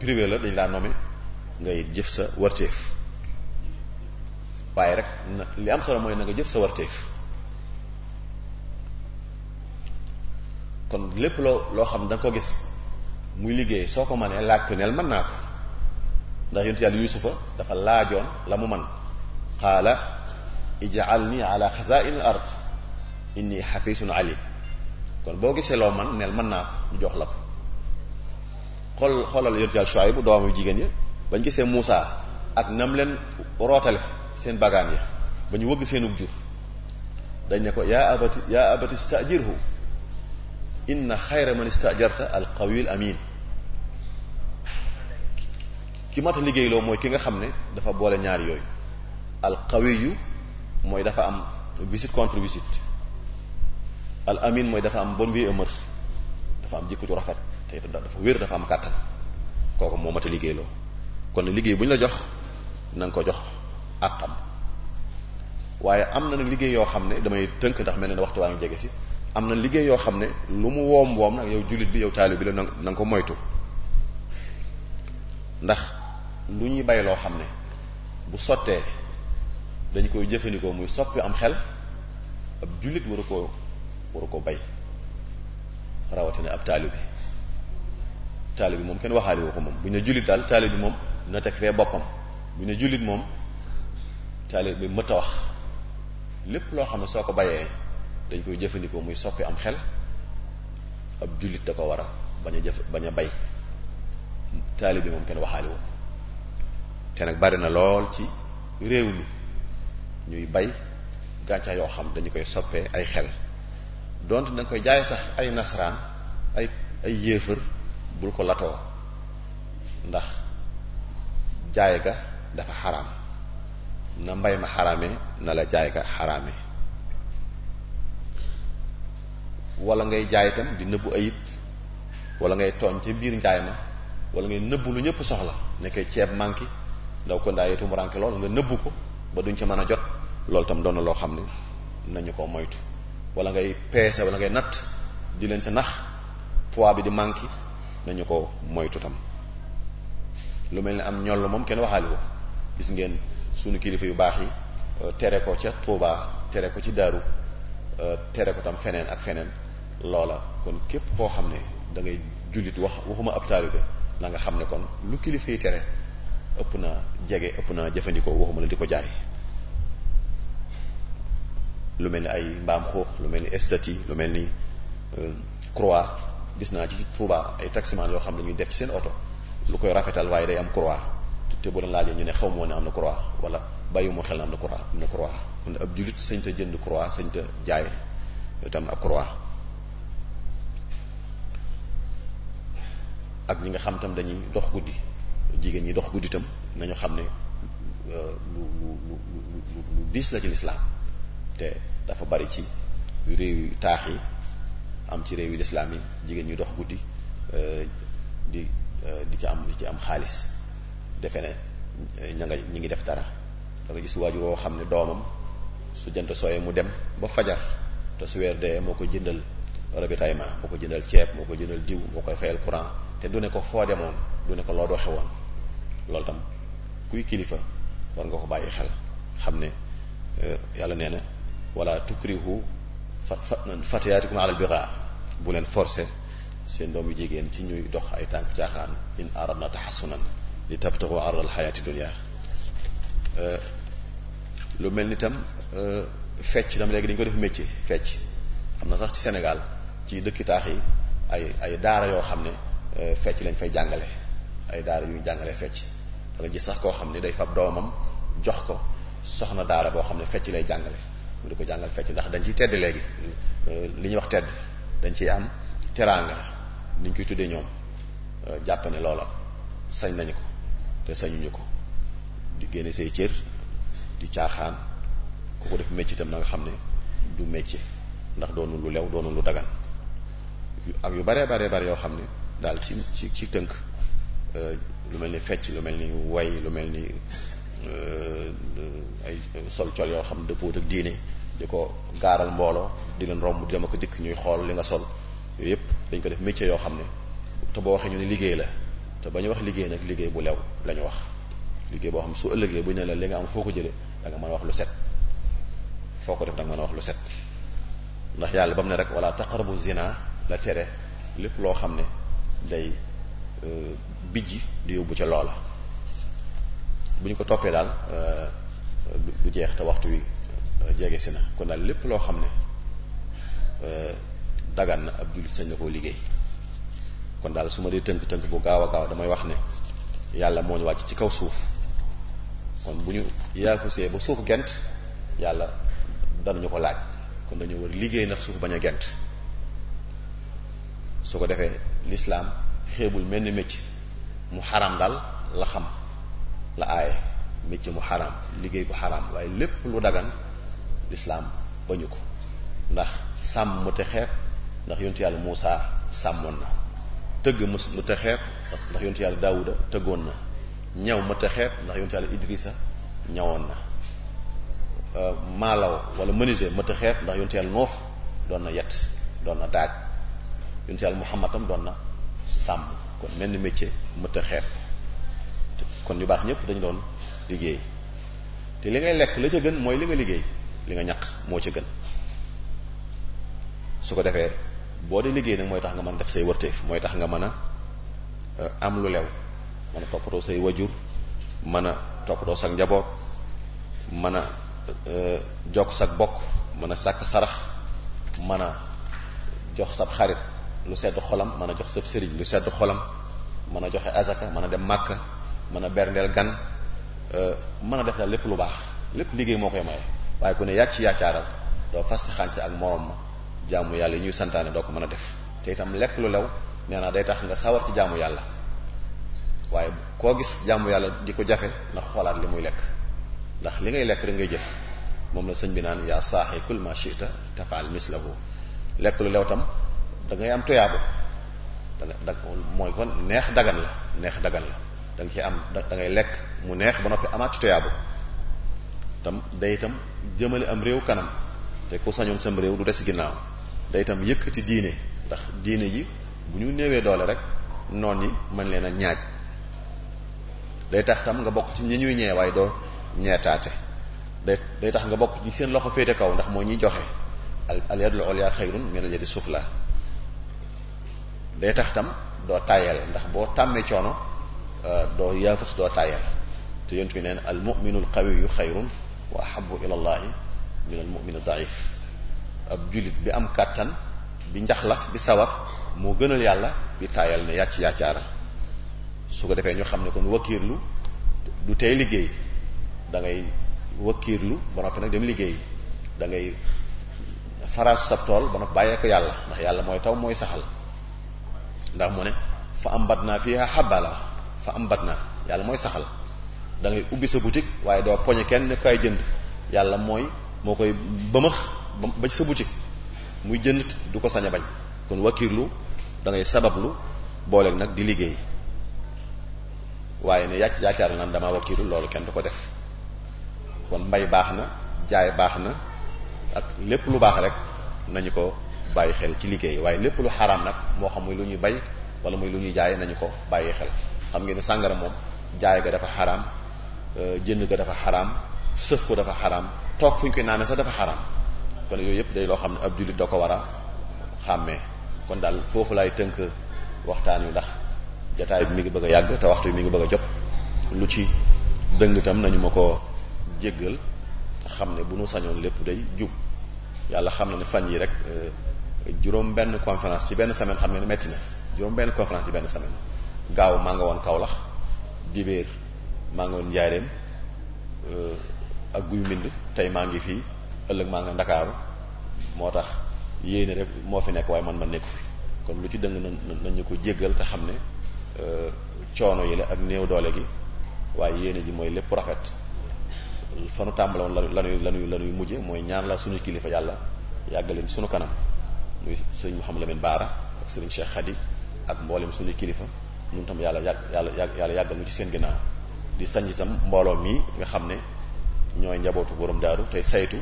privé la dañ laa nommé ngay jëf sa warteef waaye rek li am solo mooy na nga jëf sa warteef kon lépp loo loo xam ne nga ko gis muy liggéey soo ko manee làkk ko neel mën naa ko ndax yonent yàlla yusufa dafa laajoon la mu man qaala ij'alni ala xazaa'inil ard inni xafisun ali kon boo gisee loo man neel mën naa ko ñu jox la ko xool xoolal yonent yàlla Shuayb doomu jigéen ñi bañ gisee Muusa ak nam leen rootale seen bagaan ya ba ñu wëgg seenug jur dañ ne ko yaa abati yaa abati stajirhu inna xayra man istajarta al qawiyul amin ki mat a liggéey loo mooy ki nga xam ne dafa boole ñaar yooyu al qawiyu mooy dafa am visite contre visite al amin mooy dafa am bonne vieille mœurs dafa am jikko ju rafet te dafa wér dafa am kàttan kooku moo mat a liggéey loo kon liggéey bu ñu la jox na ko jox ak am waaye am na nag liggéey yoo xam ne damay tënk ndax mel ne waxtu waa ngi jege si am na liggéey yoo xam ne lu mu woom woom nag yow jullit bi yow taalib bi la na nga ko moytu ndax lu ñuy bay loo xam ne bu sottee dañ koy jëfandikoo muy soppi am xel ab jullit waru ko waru ko bay rawatina ab taalib bi taalib bi moom kenn waxaale woo ko moom bu ñu jullit daal taalib bi moom na teg fee boppam bu ñu jullit moom taalib bi mëtt a wax lépp loo xam ne soo ko bayee dañ koy jëfandikoo muy soppee am xel ab jullit da ko war a bañ a jëf bañ a bay taalibe moom kenn waxaale woo te nag bari na lool ci réew mi ñuy bay gàncax yoo xam dañu koy soppee ay xel donte danga koy jaay sax ay nasaraan ay ay yéefër bul ko latoo ndax jaay ga dafa xaraam na mbay ma xaraame na la jaay ga xaraame wala ngay jaay itam di nëbbu ayib walla ngay tooñ ca biir njaay ma wala ngay nëbbu lu ñëpp soxla nekkee ceeb manqué ndaw ko ndaa yitu mu lool nga nëbbu ko ba duñ ca mën a jot loolu tam doon na loo xam ne nañu ko moytu wala ngay peese wala ngay di leen ca nax poids bi di manqué nañu ko moytu tam lu mel ni am ñoll moom kenn waxaali ko gis ngeen sunu kilifa yu baax yi uh, tere ko ca Touba tere ko ci Daaru uh, tere ko tam feneen ak feneen loola kon képp koo xam ne dangay ngay jullit wax waxuma ab taalibe la nga xam ne kon lu kilifa yi tere ëpp naa jege ëpp naa jëfandikoo waxuma la di ko jaay lu mel ni ay mbaam xuux lu mel ni statue lu mel ni euh, croix gis naa ci Touba ay taximaan yoo xam ne dañuy def ci seen oto lu koy rafetal waaye day am croix te bu la ñu ne xaw ma woon ne am na croix wala bàyyi moo xel na am na croix am na croix ab jullit sañ ta jënd croix sañ ta jaay tam ab croix ak ñi nga xam tam dañuy dox guddi jigéen ñi dox guddi tam nañu xam ne euh, lu lu lu lu lu diis la ci lislaam te dafa bari ci réew yu taax yi am ci réew yu lislaam yi jigéen ñi dox guddi euh, di euh, di ci am di ci am xaalis defe ne ña nga ñi ngi def dara da nga gis waajur woo xam ne doomam su jant sooyee mu dem ba fajar te su weer dee moo ko jëndal ravitaillement moo ko jëndal ceeb moo ko jëndal diw moo koy fayal courant te du ne ko foo demoon du ne ko loo doxe woon loolu tam kuy kilifa war nga ko bàyyi xel xam ne euh, yàlla nee na wala tukrihu fa fatiyaatikum alal biraa bu leen forcer seen doom yu jigéen ci ñuy dox ay tànk caaxaan in na taxasunan li tabtaxu aral xayaati dunya euh, lu mel ni tam euh, fecc tam léegi dañ ko def métier fecc am na sax ci Sénégal ci dëkki taax yi ay daara yoo xam ne Euh, fecc lañ fay jàngale ay daara yuy jàngale fecc da nga sax koo xam ne day fab doomam jox ko soxna daara boo xam ne fecc lay jàngale mu di ko jàngal fecc ndax dañ ciy tedd léegi euh, li ñuy wax tedd dañ ci am teraanga niñ koy tuddee ñoom euh, jàpp ne loola sañ nañu ko te sañuñu ko di génne say cër di caaxaan ku ko def métier itam na nga xam ne du métier ndax doonu lu lew doonu lu dagan ak yu bare bare bare yoo xam ne daal ci ci ci tënk euh, lu mel ni fecc lu mel ni way lu mel ni euh, ay sol col yoo xam dëppoot ak diine di ko gaaral mbooloo di leen romb di dama ko dikk ñuy xool li nga sol yooyu yëpp dañ ko def métier yoo xam ne te boo waxee ñu ne liggéey la te ba ñu wax liggéey nag liggéey bu lew la wax liggéey boo xam ne su ëllëgee bu ñu ne la li nga am foo ko jëlee danga nga mën a wax lu set foo ko def da nga mën a wax lu set ndax yàlla ba mu ne rek wala taqrabu zina la tere lépp loo xam ne day euh, bijji di yóbbu ca loola bu ñu ko toppee daal euh, du jeex te waxtu wi euh, jege si na kon daal lépp loo xam ne dagan na ab jullit sañ na koo liggéey kon daal su ma dee tënk tënk bu gaaw a gaaw damay wax ne yàlla moo ñu wàcc ci kaw suuf kon bu ñu yaafusee ba suuf gent yàlla danañu ko laaj kon dañu war liggéey ndax suuf bañ a gent su ko defee lislaam xeebul mel ni métier mu xaram daal la xam la aaye métier mu xaram liggéey bu xaram waaye lépp lu dagan lislaam bañu ko ndax sàmm mu xeeb ndax yontu yàlla Muusaa sàmmoon na tëgg mu te xeeb ndax yontu yàlla Daawuda tëggoon na ñaw mu te xeeb ndax yontu yàlla Idrisa ñawoon na euh, maalaw wala menuisier mu te xeeb ndax yontu yàlla Noox doon na yet doon na daaj yun si yàlla Muhammad tam doon na sàmm kon mel ni métier mëtt a kon ñu baax ñëpp dañu doon liggéey te li ngay lekk la ca gën mooy li nga liggéey li nga ñaq moo ca gën su ko defee boo dee liggéey nag mooy tax nga man a def say wërteef mooy tax nga mën a euh, am lu lew mën a toppatoo say wajur mën a toppatoo sa njaboot mën a euh, jokk sa bokk mën a sàkk sarax mën a jox sab xarit lu sedd xolam mën a jox sab sëriñ lu sedd xolam mën a joxe azaka mën a dem màkka mën a berndeel gan euh, mën a def daal lépp lu baax lépp liggéey moo koy maye waaye ku ne yàcc ci yàccaaral doo fas xànc ak moroom ma jaamu yàlla yi ñuy santaane doo ko mën a def te itam lekk lu lew nee naa day tax nga sawar ci jaamu yàlla waaye koo gis jàmm yàlla di ko jafe ndax xoolaat li muy lekk ndax li ngay lekk rek ngay jëf moom la sëñ bi naan yaa saaxi kul ma shi'ta tafaal mislahu lekk lu lew tam da ngay am toyaabo da nga mooy kon neex dagan la neex dagan la da nga ci am da ngay lekk mu neex ba noppi amaat ci tam day itam jëmale am réew kanam te ku sañoon sam réew du des ginnaaw day itam yëkkati diine ndax diine yi bu ñu néewee doole rek noon yi man leen a ñaaj day tax tam nga bokk ci ñi ñuy ñee waaye doo ñeetaate day day tax nga bokk ci seen loxo féete kaw ndax moo ñuy joxe al yadul ulya xayrun min al yadi sufla day tax tam doo tayal ndax boo tàmmee coono euh, doo yaafus doo tayal te yonent bi neen al mu'minu al qawiyyu xayrun wa ahabbu ila min al mu'min ad jullit bi am kàttan bi njaxlaf bi sawar moo gënal yàlla bi tayal ne yàcc yàccaara su ko defee ñu xam ne kon wakiirlu du tey liggéey dangay ngay wakiirlu ba noppi nag dem liggéey dangay ngay faraas tool ba noppi bàyyee ko yàlla ndax yàlla mooy taw mooy saxal ndax mu ne fa ambat naa fiha habala fa ambat naa yàlla mooy saxal dangay ubbi sa boutique waaye doo poñe kenn ne kay jënd yàlla mooy moo koy bëmëx ba ci sa boutique muy jënd du ko sañ a bañ kon wakiirlu da ngay sabablu booleeg nag di liggéey waaye ne yàcc yaakaar naan damaa wakiirlu loolu kenn du ko def kon mbay baax na jaay baax na ak lépp lu baax rek nañu ko bàyyi xel ci liggéey waaye lépp lu xaraam nag moo xam muy lu ñuy bay wala muy lu ñuy jaay nañu ko bàyyi xel xam ngeen ne sàngara moom jaay ga dafa xaraam euh, jënd ga dafa xaraam sëf ko dafa xaraam toog fu ñu koy naane sax dafa xaraam kon yooyu yëpp day loo xam ne ab jullit da ko war a xàmmee kon daal foofu laay tënk waxtaan wi ndax jataay bi mi ngi bëgg a yàgg te waxtu bi mi ngi bëgg a jot lu ci dëng tam nañu ma ko jéggal xam ne bu nu sañoon lépp day jub yàlla xam na ne fan yi rek euh, juróom benn conférence ci benn semaine xam ne métti na juróom benn conférence ci benn semaine gaaw maa nga woon Kaolack dibéer maa nga woon Njaareem euh, ak guy mbind tey maa ngi fii ëllëg maa nga Ndakaaru moo tax yéene rek moo fi nekk waaye man ma nekku fi kon lu ci dëng na ñu ko jéggal te xam ne euh, coono yi la ak néew doole gi waaye yéene ji mooy lépp rafet fanu tàmbale woon lanuy lanuy lanuy mujje mooy ñaan la suñu kilifa yàlla yàggaleen sunu kanam muy sëñ Mouhamadou Lamine Baara ak sëriñ Cheikh Khady ak mboolem suñu kilifa ñun tam yàlla yàgg yàlla yàlla yàggal ñu ci seen ginnaaw di sañ itam mbooloo mii nga xam ne ñooy njabootu boroom daaru tey saytu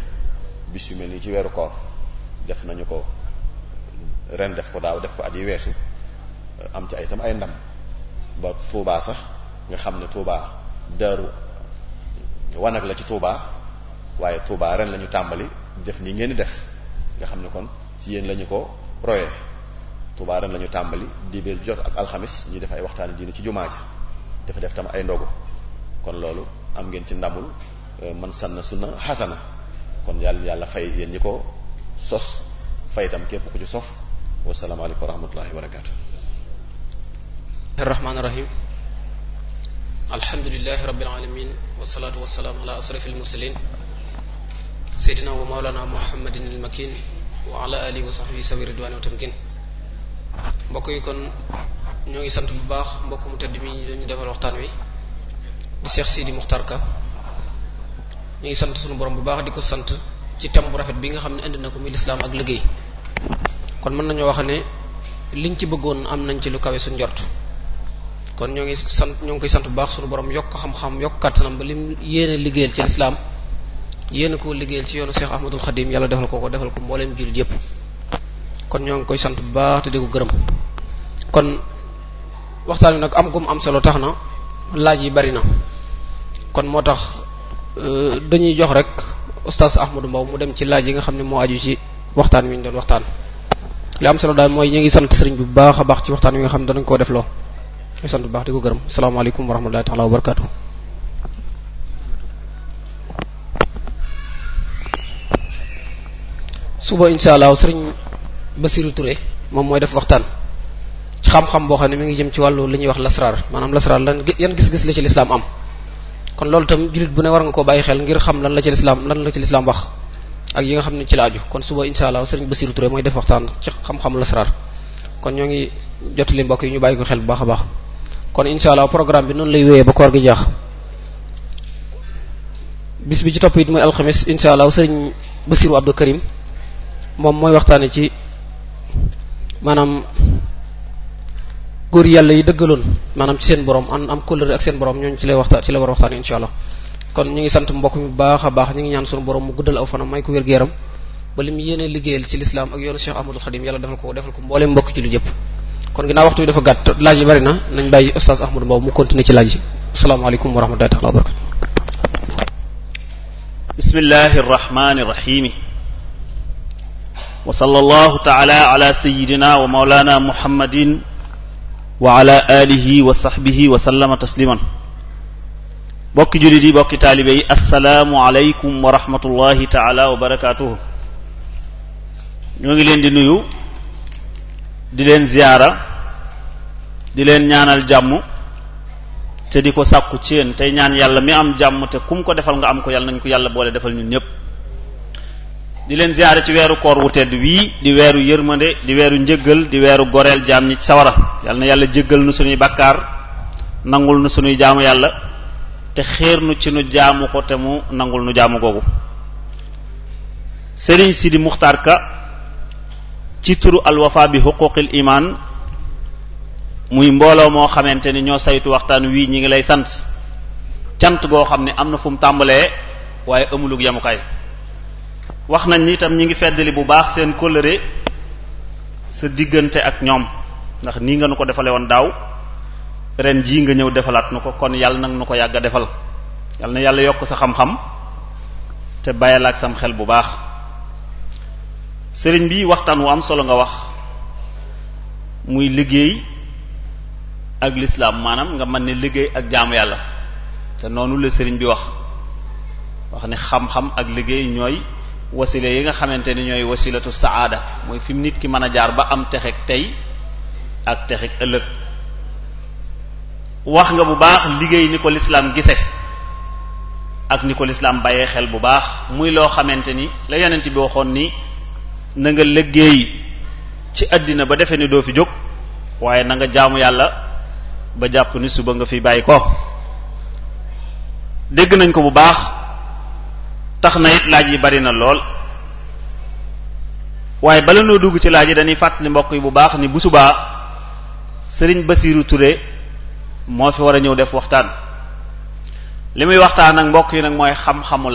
bis yu mel nii ci weeru koor def nañu ko ren def ko daaw def ko at yi weesu uh, am ci ay itam ay ndam ba Touba sax nga xam ne Touba daaru wanag la ci Touba waaye Touba ren lañu tàmbali def nii ngeen di def nga xam ne kon. ci yéen la ñu ko royee Tuubaa ren tàmbali dibéer jot ak alxamis ñu def ay waxtaani diine ci jumaa ja dafa def tam ay ndogu kon loolu am ngeen ci ndamul euh, man sanna sunna xasana kon yàlla yàlla fay yéen ñi ko sos fay itam képp ku ci sof wasalaamaaleykum wa rahmatullahi wa barakaatu arrahmaan arrahim alhamdulilahi ala asrafil mursalin seydina wa mawlana muhammadin al makin wa ala alihi wa sahbihi sawi ridwani wa tamkin mbokk yi kon ñoo ngi sant bu baax mbokk mu tëdd mi ñu defal waxtaan wi di Cheikh Sidi Muxtar Ka ñu ngi sant sunu borom bu baax di ko sant ci thème bu rafet bi nga xam ne indi na ko muy lislaam ak liggéey kon mën nañoo wax ne liñ ci bëggoon am nañ ci lu kawe suñ njort kon ñoo ngi sant ñoo ngi koy sant bu baax sunu borom yokk xam-xam yokk kàttanam ba li lim yéene liggéeyal ci lislaam yéen koo liggéeyal ci yoonu Cheikh Ahmadul Khadim yàlla defal ko ko defal ko mbooleem jullit yépp kon ñoo ngi koy sant bu baax te di ko gërëm kon waxtaan wi nag am gum am solo tax na laaj yi bari na kon moo tax euh, dañuy jox rek oustaz Ahmadou Mbow mu dem ci laaj yi nga xam ne moo aju ci waxtaan wi ñu doon waxtaan li am solo daal mooy ñu ngi sant sëriñ bu baax a baax ci waxtaan wi nga xam ne danañ ko def loo sant bu baax di ko gërëm asalaamaaleykum wa rahmatullahi taala wa barakatuh suba incha allah sëriñ Basiru Touré moom mooy def waxtaan ci xam-xam boo xam ne mi ngi jëm ci wàllu li ñuy wax lasraar maanaam lasraar lan yan gis-gis la ci lislaam am kon loolu tam jullit bu ne war nga koo bàyyi xel ngir xam lan la ci lislaam lan la ci lislaam wax ak yi nga xam ne ci la aju kon suba incha allah sëriñ Basiru Touré mooy def waxtaan ci xam-xam lasraar kon ñoo ngi jotali mbokk yi ñu bàyyi ko xel bu baax a baax kon incha allah programme bi noonu lay wéyee ba koor gi jeex bis bi ci topp it mooy allah sëriñ Basiru Abdou Karim moom mooy waxtaane ci maanaam góor yàlla yi dëggaloon maanaam ci seen borom am am kóllëre ak seen borom ñooñu ci lay waxtaan ci la war a waxtaane insha allah kon ñu ngi sant mbokk mi baax a baax ñu ngi ñaan sunu borom mu guddal aw fanam may ko wér-gu-yaram ba li mu yéene liggéeyal ci lislaam ak yoonu Cheikh Ahmadul Xadim yàlla defal ko defal ko mbooleem mbokk ci lu jëpp kon ginnaaw waxtu bi dafa gàtt laaj yi bari na nañ bàyyi oustaz Ahmadou Mbow mu continuer ci laaj yi wa rahmatullahi taala wa barakatu bismillahi وصلى الله تعالى على سيدنا ومولانا محمد وعلى آله وصحبه وسلم تسليما bokki jullit yi bokki taalibe yi assalaamu wa rahmatullahi taala wa barakaatuhu ñoo ngi leen di nuyu di leen ziyaara di leen ñaanal jàmm te di ko sàkku ci yéen tey ñaan yàlla mi am jàmm te kum ko defal nga am ko yàlla nañ ko yàlla boole defal ñun ñépp di leen ziyaare ci weeru koor wu tedd wii di weeru yërmande di weeru njëggal di weeru goreel jaam ñi ci sawara yal na yàlla jëggal na suñuy bakkaar nangul nu suñuy jaamu yàlla te xéer nu ci nu jaamu ko te mu nangul nu jaamu googu Serigne Sidi Muxtaar Ka ci turu alwafa bi xuquqil iman muy mbooloo moo xamante ne ñoo saytu waxtaan wii ñi ngi lay sant cant goo xam ne am na fu mu tàmbalee waaye amulug yamukaay wax nañ ni itam ñi ngi feddali bu baax seen kóllëre sa diggante ak ñoom ndax nii nga nu ko defale woon daaw ren jii nga ñëw defalaat nu ko kon yàlla nag nu ko yàgg a defal yàlla na yàlla yokk sa xam-xam te bàyyil ak sam xel bu baax sëriñ bi waxtaan wu am solo nga wax muy liggéey ak lislaam maanaam nga mën ni liggéey ak jaamu yàlla te noonu la sëriñ bi wax wax ne xam-xam ak liggéey ñooy wasila yi nga xamante ni ñooy wasilatu saada mooy fi mu nit ki mën a jaar ba am texeg tey ak texeg ëllëg wax nga bu baax liggéey ni ko lislaam gise ak ni ko lislaam bàyyee xel bu baax muy loo xamante ni la yonent bi waxoon ni na nga liggéey ci àddina ba defe ni doo fi jóg waaye nanga jaamu yàlla ba jàpp ni suba nga fi bàyyi ko dégg nañ ko bu baax tax na it laaj yi bari na lool waaye bala noo dugg ci laaj yi dañuy fàttali mbokk yi bu baax ni bu subaa sëriñ Basiiru Ture moo fi war a ñëw def waxtaan li muy waxtaan ak mbokk yi nag mooy xam-xamu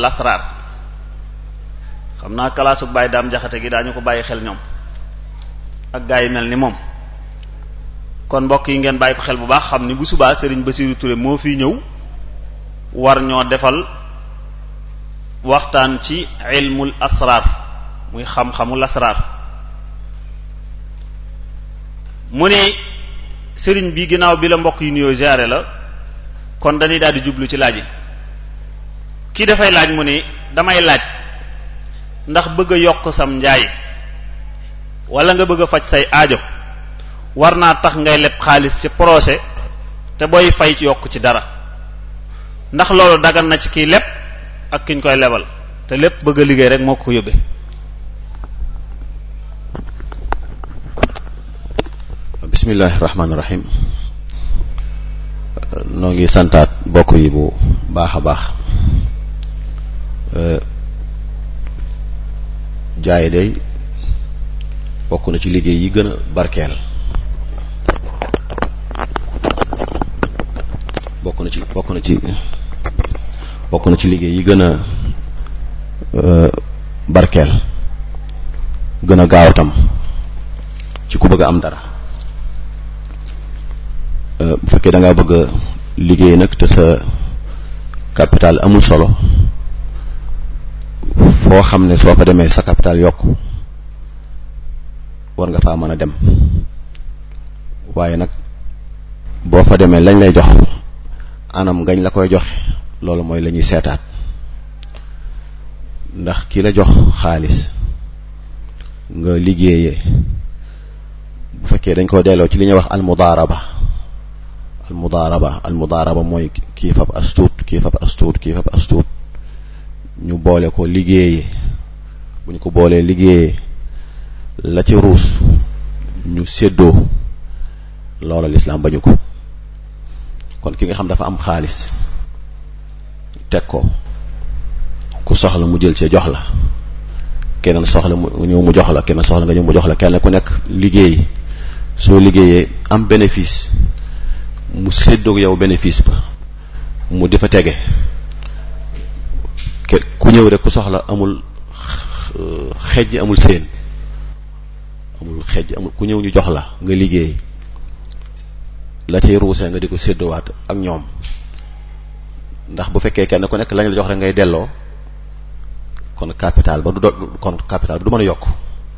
xam naa kalaasu bàyyi daam jaxate gi daañu ko bàyyi xel ñoom ak gaa yi ni moom kon mbokk yi ngeen bàyyi xel bu baax xam ni bu subaa sëriñ Basiiru Ture moo fiy ñëw war ñoo defal waxtaan ci ilmul asraar muy xam-xamul asraar mu ne sëriñ bi ginnaaw bi la mbokk yu nuyoo jaare la kon dañuy daal di jublu ci laaj yi kii dafay laaj mu ne damay laaj ndax bëgg a yokk sam njaay wala nga bëgg a faj say aajo war naa tax ngay leb xaalis ci projet te booy fay yokk ci dara ndax loolu dagan na ci kiy leb ak kiñ koy lebal te lépp bëgg a liggéey rek moo ko ko yóbbee bismillahi rahmaani rahim noo ngi santaat bokk yi bu baax a baax jaay day bokk na ci liggéey yi gën a barkeel bokk na ci bokk na ci bokk na ci liggéey yi gën a euh, barkeel gën a gaaw tam ci ku bëgg a am dara euh, bu fekkee da bëgg a liggéey nag te sa capital amul solo foo xam ne soo fa demee sa capital yokk war nga faa mën a dem waaye nag boo fa demee lañ lay jox anam ngañ la koy joxe loolu mooy lañuy seetaat ndax ki la jox xaalis nga liggéeyee bu fekkee dañ koo delloo ci li ñuy wax almudaaraba almudaaraba almudaaraba mooy kii fab astuut kii fab astuut kii fab astuut ñu boole ko liggéeyee bu ñu ko boolee liggéeyee la ci ruus ñu seddoo séddoo loola lislaam bañu ko kon ki nga xam dafa am xaalis teg ko ku soxla mu jël ci jox la keneen soxla mu ñëw mu jox la keneen soxla nga ñëw mu jox la kenn ku nekk liggéey soo liggéeyee am bénéfice mu séddoog yow bénéfice ba mu di fa tege ku soxla amul xejj amul seen amul xejj amul ku ñëw ñu jox la nga liggéey la cay ruusee nga di ko séddowaat ak ñoom ndax bu fekkee kenn ku nekk lañu la jox rek ngay delloo kon capital ba du do kon capital ba du mën a yokk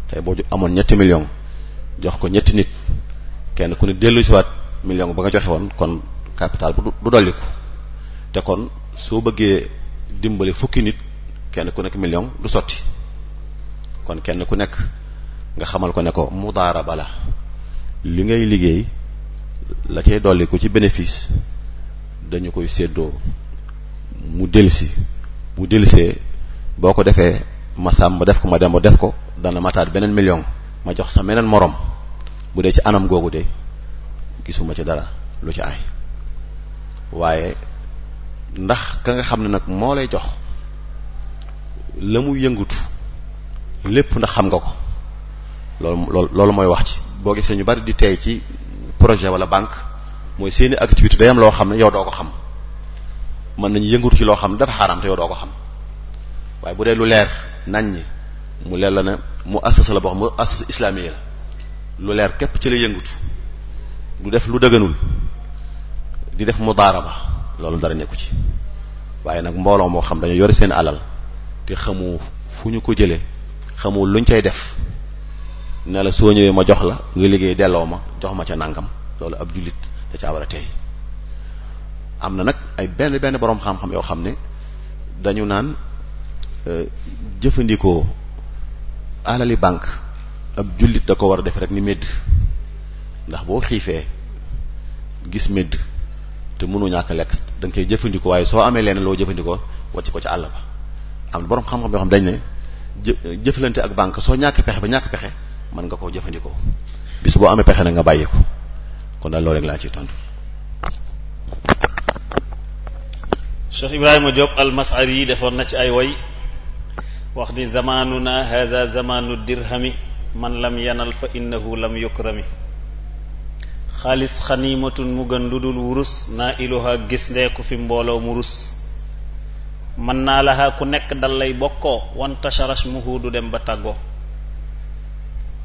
tey boo amoon ñetti million jox ko ñetti nit kenn ku ne dellu si waat million ba nga joxe woon kon capital bu du dolliku te kon soo bëggee dimbali fukki nit kenn ku nekk million du sotti kon kenn ku nekk nga xamal ko ne ko mudaaraba bala li ngay liggéey la cay dolliku ci bénéfice dañu koy séddoo mu delsi bu delsee boo ko defee ma sàmm ma def ko ma dem ma def ko dana mataat beneen million ma jox sa meneen moroom bu dee ci anam googu de gisuma ci dara lu ci ay waaye ndax ka nga xam ne nag moo lay jox la mu yëngutu lépp ndax xam nga ko loolu loolu loolu mooy wax ci boo gisee ñu bari di tey ci projet wala banque mooy seeni activité day loo xam ne yow doo ko xam mën nañ yëngatu ci loo xam dafa xaram te yow doo ko xam waaye bu dee lu leer naññ mu leer la ne mu assasa la boo xam mu assasa islamiya la lu leer képp ci la yëngatu du def lu dëgënul di def mudaaraba loolu dara nekku ci waaye nag mbooloo moo xam dañu yori seen alal te xamu fu ñu ko jëlee xamu luñ cay def ne la soo ñëwee ma jox la nga liggéey delloo ma jox ma ca nangam loolu ab jullit da caa tey am na nag ay benn benn boroom xam-xam yoo xam ne dañu naan euh, jëfandikoo alali banque ab jullit da ko war a def rek ni médd ndax boo xiifee gis médd te mënu ñàkk lekk da koy jëfandikoo waaye soo amee leen loo jëfandikoo wàcc ko ci àll ba am na boroom xam-xam yoo xam dañ ne jëflante ak banque soo ñàkk pexe ba ñàkk pexe mën nga koo jëfandikoo bis boo amee pexe na nga bàyyi ko kon daal loolu rek laa ciy tontu. Cheikh Ibrahima Diop almasari yi defoon na ci ay woy wax ni zamanuna hadha zamanu dirhami man lam yanal fa innahu lam yukrami xaalis xanimatun mu gën lu dul wurus naa iluha gis ndeeku fi mbooloo murus rus mën naa laha ku nekk dal lay bokkoo wanta sharash muhu du dem ba tàggoo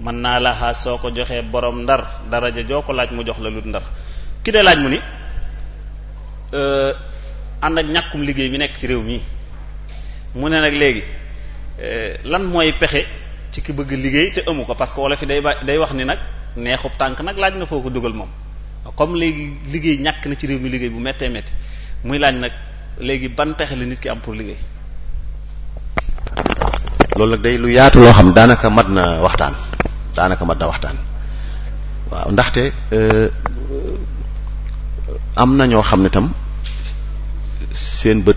mën naa laha soo ko joxee boroom ndar daraja joo ko laaj mu jox la lu ndar ki de laaj mu ni euh, ànd ak ñàkkum liggéey bi nekk ci réew mi mu ne nag léegi eh, lan mooy pexe ci ki bëgg liggéey te amu ko parce que wala fi day ba day wax ni nag neexub tànk nag laaj na foo ko dugal moom comme léegi liggéey ñàkk na ci réew mi liggéey bu mettee métti muy laaj nag léegi ban pexe la nit ki am pour liggéey. loolu nag day lu yaatu loo xam daanaka mat na waxtaan daanaka mat na waxtaan waaw ndaxte eh, am na ñoo xam ne seen bët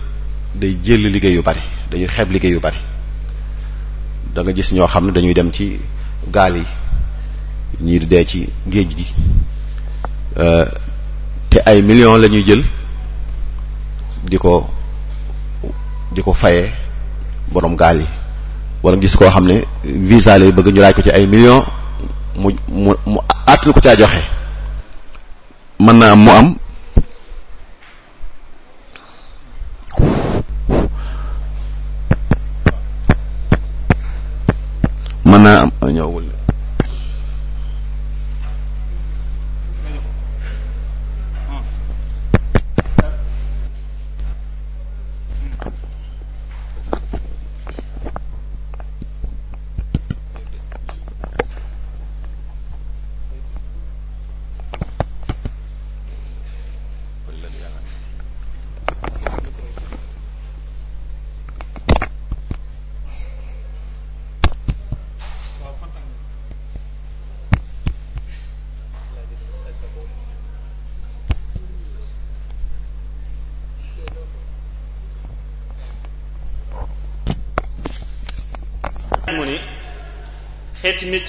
day jël liggéey yu bari dañuy xeeb liggéey yu bari danga gis ñoo xam ne dañuy dem ci gaal yi ñii di dee ci géej gi euh, te ay millions lañuy jël di ko di ko faye boroom gaal yi wala gis koo xam ne visa lay bëgg ñu laaj ko ci ay millions mu mu mu ko caa joxe mën naa mu am ñëwagul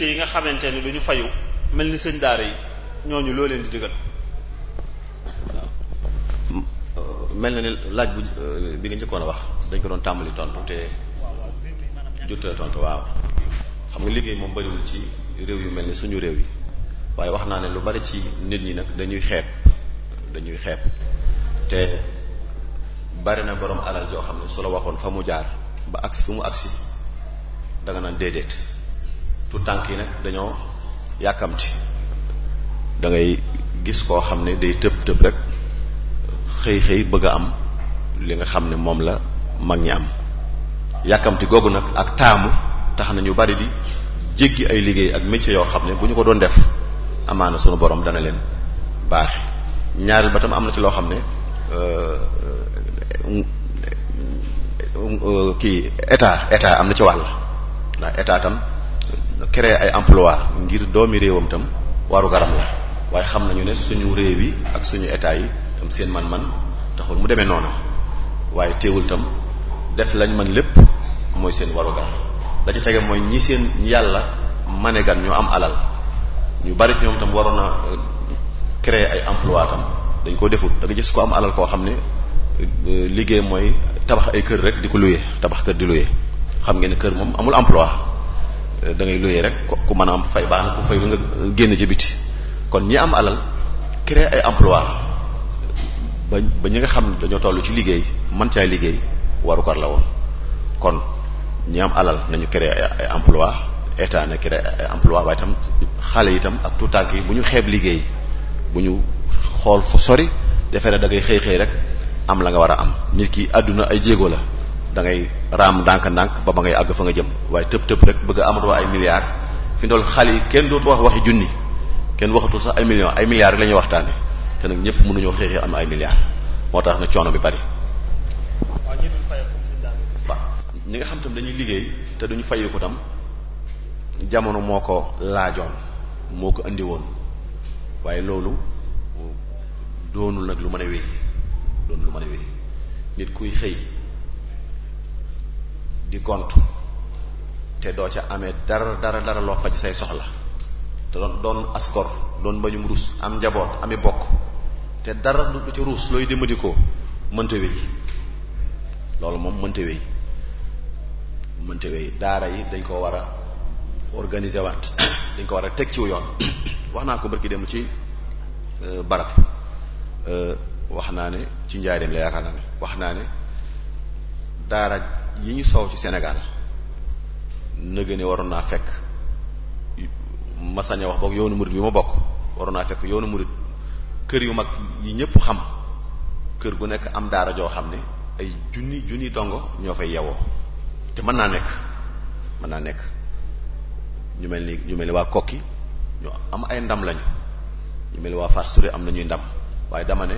yitte nga xamante ne du ñu mel ni sëñ daara yi ñooñu loo leen di digal mel na ni laaj bu euh, bi nga a wax dañ ko tàmbali tontu te jottee tontu waaw xam nga liggéey moom bariwul ci réew yu mel ni suñu réew yi waaye wax naa ne lu bari ci nit ñi nag dañuy xeeb dañuy xeeb te bari na boroom alal joo xam ne su la waxoon fa mu jaar ba agsi fu mu agsi danga naan déedéet tu tànk yi nag dañoo yàkkamti dangay gis koo xam ne day tëb tëb rek xëy xëy bëgg a am li nga xam ne moom la mag ñi am yàkkamti googu nag ak taamu tax na ñu bari di jéggi ay liggéey ak métier yoo xam ne bu ñu ko doon def amaana sunu borom dana leen baaxe ñaareel ba tam am na ci loo xam ne euh, euh, kii état état am na ci wàll ndax état tam créer ay emploi ngir doomi réewam tam waru garam la waaye xam nañu ne suñu réew yi ak suñu état yi tam seen man-man taxul mu demee noona waaye teewul tam def lañ man lépp mooy seen waru gar la ca mooy ñi seen yàlla manegan ñoo am alal ñu bari ñoom tam waroon a euh, ay emploi tam dañ ko deful da nga gis ko am alal koo xam ne euh, liggéey mooy tabax ay kër rek di ko luye tabax kër di luye xam ngeen ne kër moom amul emploi Euh, da ngay luyee rek ku mën a am fay baax na ku fay nga génn ci biti kon ñi am alal créer ay emploi ba ba ñi nga xam dañoo toll ci liggéey man caay liggéey waru kar la woon kon ñi am alal nañu créer ay emploi état na créer ay emploi waaye itam xale itam ak tuutànk yi bu ñu xeeb liggéey bu ñu xool fu sori defee ne da ngay xëy xëy rek am la nga war a am nit ki àdduna ay jéego la da ngay raam ndànk-ndànk ba ba ngay àgg fa nga jëm waaye tëb tëb rek bëgg a amatoo ay milliards fi ndool xale yi kenn dootu wax waxi junni kenn waxatul sax ay millions ay milliards la ñuy waxtaane te nag ñëpp mënuñoo xeexee am ay milliards moo tax na coono bi bari waaw nga xam tam dañuy liggéey te duñu fayeeku tam jamono moo ko laajoon moo ko indi woon waaye loolu doonul nag lu mën a wéy doonul lu mën nit kuy xëy di gontu te doo ca amee dara dara dara loo faj say soxla te doon doon askor doon mbañum ruus am njaboot ami bokk te dara du ci ruus looy dimbali ko mënta wéy loolu moom mënta wéy mënta wéy daara yi dañ ko war a organiser waat [COUGHS] dañ ko war a teg ci yoon [COUGHS] wax naa ko barki dem ci euh, barab euh, wax naa ne ci njaareem la yaakaar naa ne wax naa ne daara yi ñu soow ci Sénégal nëgë ne waroon naa fekk ma a wax boog yoonu murid bi ma bokk waroon naa fekk yoonu murid kër yu mag yi ñëpp xam kër gu nekk am daara joo xam ne ay junni junni dongo ñoo fay yewoo te mën naa nekk mën naa nekk ñu mel ni ñu mel ni waa kokki ñu am ay ndam lañu ñu mel ni waa Fass Touré am nañuy ndam waaye dama ne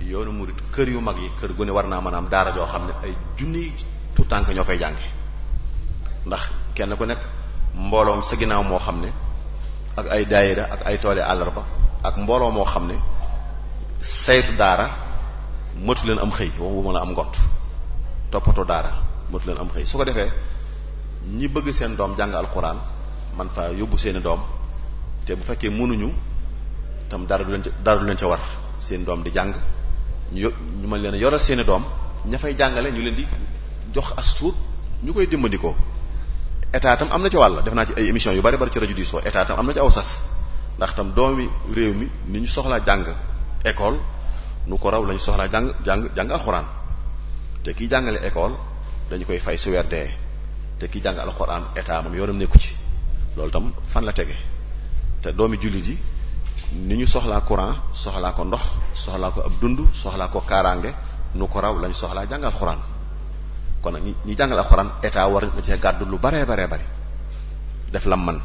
yoonu murid kër yu mag yi kër gu ne war naa mën a am daara joo xam ne ay junni tout tànk ñoo koy jànge ndax kenn ku nekk mbooloom sa ginnaaw moo xam ne ak ay daayira ak ay toole àllarba ak mbooloo moo xam ne saytu daara mëtu leen am xëy waxu mën a am ngont toppatoo daara mëtu leen am xëy su ko defee ñi bëgg seen doom jàng alxuraan man fa yóbbu seeni doom te bu fekkee mënuñu tam dara du leen ca dara du war seen doom di jàng ñu ñu mën leen a yoral seeni doom ña fay jàngale ñu leen di jox as ñu koy dimbandikoo état tam am na ci wàll def naa ci ay émission yu bari bari ci rajo di soo état tam am na ci aw sas ndax tam doomi réew mi ni ñu soxlaa jàng école nu ko raw lañu soxlaa jàng jàng jàng alxuraan te kiy jàngale école dañu koy fay su weer dee te kiy jàng alxuraan état moom yoonam nekku ci loolu tam fan la tege te doomi jullit yi ni ñu soxlaa courant soxlaa ko ndox soxlaa ko ab dund soxlaa ko kaaraange nu ko raw lañu soxlaa jàng kon nag ñi ñi jàngal alxuraan état war na cee gàddu lu baree baree bari def la man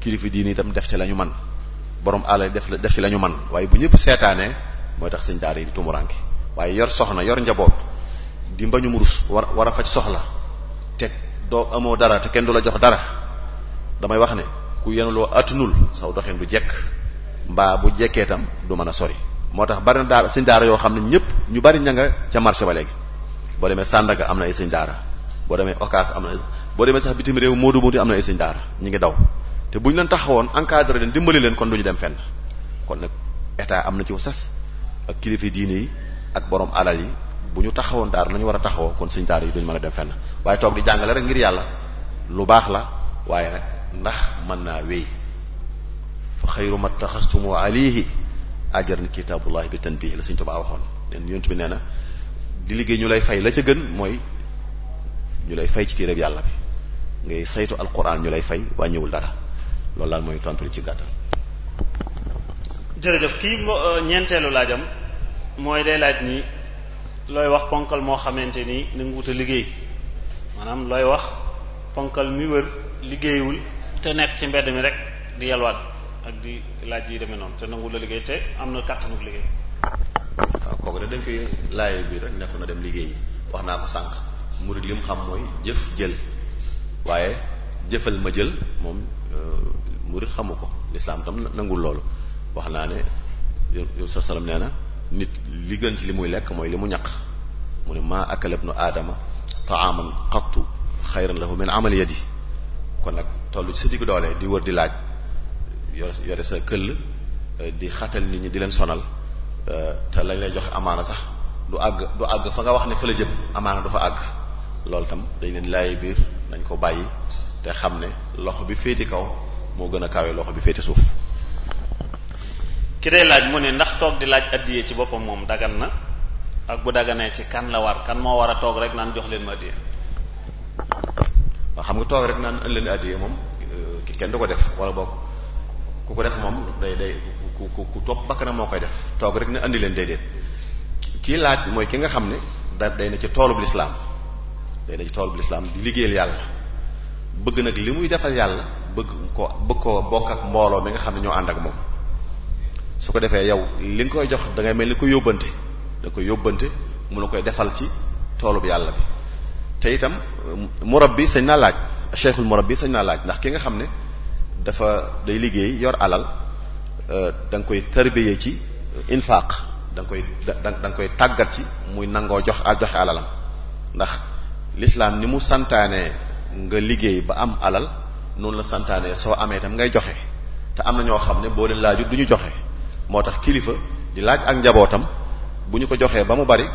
kilifa diini itam def ci la ñu man borom àll def la def ci la ñu man waaye bu ñëpp seetaanee mooy tax sëñ daara yi di tumuraanke waaye yor soxna yor njaboot di mbañum rus war war a faj soxla te doo amoo dara te kenn du la jox dara damay wax ne ku yenuloo atunul saw doxin du jekk mbaa bu jekkee itam du mën a sori moo tax bari daal daara sëñ daara yoo xam ne ñëpp ñu bari ña nga ca marché ba léegi boo demee Sandaga am na ay sëñ daara boo demee Ocass am na boo demee sax bitim réew Modou Modou am na ay sëñ daara ñu ngi daw te bu ñu leen taxawoon encadré leen dimbali leen kon du ñu dem fenn kon nag état am na ci sas ak kilifa diine yi ak borom alal yi bu ñu taxawoon daara la war a taxawoo kon sëñ daara yi duñu mën a dem fenn waaye toog di jàngale rek ngir yàlla lu baax la waaye nag ndax mën naa wéy fa xayru ma taxastumu alayhi ajran kitabullahi bi tanbihi la sëñ Tuubaa waxoon leen bi nee na di liggéey ñu lay fay la ca gën mooy ñu lay fay ci téereb yàlla bi ngay saytu alquran ñu lay fay wàññiwul dara loolu daal mooy tontu ci gàttal. jërëjëf kii euh, ñeenteelu laajam mooy day laaj ni looy wax ponkal moo xamante ni na wut a liggéey maanaam looy wax ponkal mi wër liggéeyul te nekk ci mbedd mi rek di yalwaan ak di laaj yi demee noonu te nangu la liggéey te am na kàttanu liggéey. waaw kooku de dañ koy laaye biir rek nekku na dem liggéeyi wax naa ko sànq murid li xam mooy jëf jël waaye jëfal ma jël moom euh, murid xamu ko lislaam tam nangul loolu wax naa ne yow sa salam nee nit li gën ci li muy lekk mooy li mu ñaq mu ne maa akala ibnu aadama taaman qattu xayran la ko amali yadi kon nag tollu ci sa diggu doole di wër di laaj yore yore sa këll di xatal nit ñi di leen sonal te lañ lay jox amaana sax du àgg du àgg fa nga wax ne fa la jëm amaana du fa àgg loolu tam dañ leen laay biir dañ ko bàyyi te xam ne loxo bi féete kaw moo gën a kawe loxo bi féete suuf. ki day laaj mu ne ndax toog di laaj addiyee ci boppam moom daggan na ak bu daganee ci kan la war kan moo war a toog rek naan jox leen ma addiyee. waaw xam nga toog rek naan ëllëg addiyee moom euh, kenn du ko def wala boog ku ko def moom day day ku ku ku topp bakkanam moo koy def toog rek ne indi leen déedéet kii laaj mooy ki nga xam ne da day na ci toolub lislaam day na ci toolub lislaam di liggéeyal yàlla bëgg nag li muy defal yàlla bëgg ko bëgg ko bokk ak mbooloo mi nga xam ne ñoo ànd ak moom su ko defee yow li nga koy jox dangay mel ni ko yóbbante da koy yóbbante mun la koy defal ci toolub yàlla bi te itam murabbi sañ naa laaj cheikhul murabbi sañ naa laaj ndax ki nga xam ne dafa day liggéey yor alal Euh, da nga koy tarbiyee ci infaq da nga koy da danga koy tàggat ci muy nangoo jox joxe alalam ndax l'islam ni mu santaanee nga liggéey ba am alal noonu la santaane soo amee tam ngay joxe te am na ñoo xam ne boo leen laajut du ñu joxe moo tax kilifa di laaj ak njabootam bu ñu ko joxee ba mu bari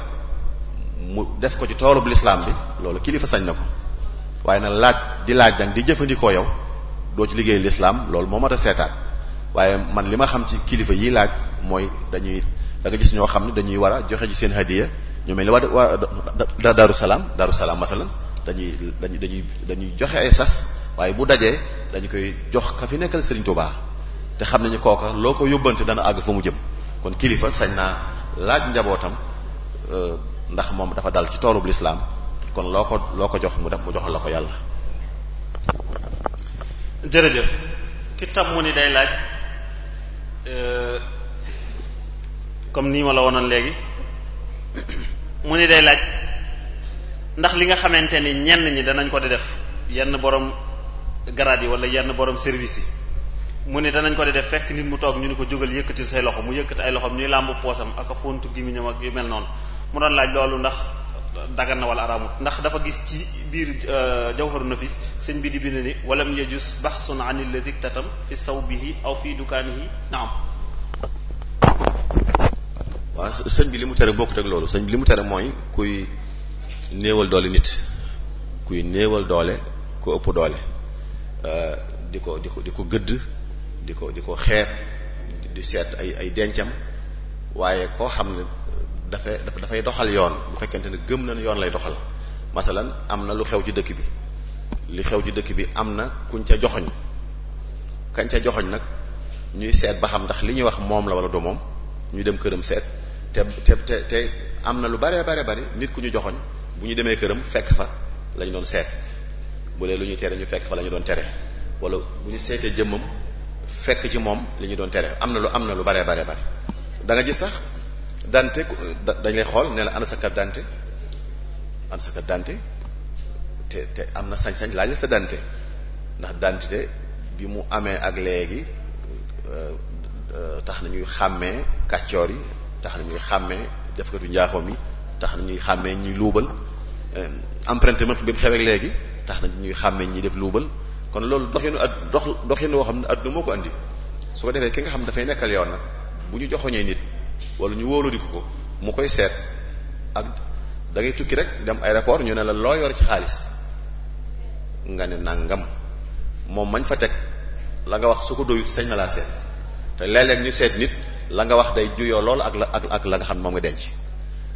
mu def ko ci toolub lislaam bi loolu kilifa sañ na ko waaye na laaj di laaj dang di jëfandikoo yow doo ci liggéey lislaam loolu moo mat a seetaat waaye man li ma xam ci kilifa yi laaj mooy dañuy da nga gis ñoo xam ne dañuy war a joxe ci seen hadiya ñu mel ni waa waa Daaru Salaam Daaru Salaam masalan dañuy dañuy dañuy dañuy joxe ay sas waaye bu dajee dañu koy jox ka fi nekkal Serigne tubaa te xam nañu kooka loo ko yóbbante dana àgg fa mu jëm kon kilifa sañ naa laaj njabootam euh, ndax moom dafa dal ci toolub lislaam kon loo ko loo ko jox mu def mu jox la ko yàlla. jërëjëf ki mu ni day laaj. Euh, comme nii ma la wonoon léegi mu ni day laaj ndax li nga xamante ni ñenn ñi danañ ko di def yenn borom grade yi wala yenn borom service yi mu ne danañ ko de def fekk nit mu toog ñu ni ko jógal yëkkatil say loxo mu yëkkati ay loxom ñuy làmb poosam ak a fontu gimiñam ak yu mel noonu mu doon laaj loolu ndax dagan na wala araamut ndax dafa gis ci biir euh, jawharu nafis sëñ bi di bind ni walam yajus baxsun an allazi tatam fi sawbihi aw fi dukaanihi naam waaw sëñ bi li mu tere bokkut ak loolu sëñ bi li mu tere mooy kuy néewal doole nit kuy néewal doole ku ëpp doole euh, di ko di ko ko gëdd di ko di ko xeeb di seet ay ay dencam waaye koo xam ne dafay dafay doxal yoon bu fekkente ne gëm nu yoon lay doxal masalan am na lu xew ji dëkk bi li xew ji dëkk bi am na kuñ ca joxoñ kañ ca nag ñuy seet ba xam ndax li ñuy wax moom la wala du moom ñu dem këram seet te te te te am na lu bare bare bari nit ku ñu joxoñ bu ñu demee këram fekk fa lañu doon seet bu dee lu ñuy tere ñu fekk fa ñu doon tere wala bu ñu seetee jëmmam fekk ci moom li ñu doon tere am na lu am na lu bare bare bari sax dante dañ lay xool ne la ana dante ana sa dante te te am na sañ-sañ laaj la sa dante ndax dante bi mu amee ak léegi euh, euh, tax na ñuy xàmmee kàccoor yi tax na ñuy xàmmee defkatu njaaxoom yi tax na ñuy xàmmee ñi luubal euh, emprunté ma bi mu xewee léegi tax na ñuy xàmmee ñi def luubal kon loolu doxinu ad dox doxinu woo xam ne adduna moo ko indi su ko defee ki nga xam dafay nekkal yoon nag bu ñu joxoñee nit wala ñu wóoladiku ko mu koy seet ak dangay tukki rek dem aéroport ñu ne la loo yor ci xaalis nga ne nangam moom mañ fa teg la nga wax su ko doyut sañ te léeg-léeg seet nit la nga wax day juyoo lool ak la ak la nga xam moom nga denc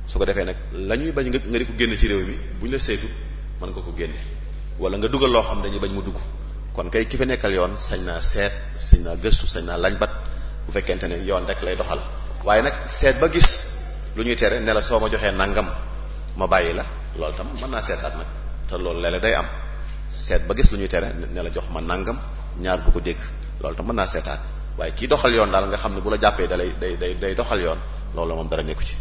su ko defee nag la bañ nga nga di ko ci réew mi bu ñu la saytu mën nga ko génne wala nga dugal loo xam dañuy bañ mu dugg kon kay ki fi nekkal yoon sañ naa seet sañ naa gëstu sañ naa lañ bat bu fekkente ne yoon rek lay doxal waaye nag seet ba gis lu ñuy tere ne la soo ma joxee nangam ma bàyyi la loolu tam mën naa seetaat nag te loolu léeg day am seet ba gis lu ñuy tere ne la jox ma nangam ñaar bu ko dégg loolu tam mën naa seetaat waaye kii doxal yoon daal nga xam ne bu la jàppee dalay day day day doxal yoon loolu moom dara nekku ci.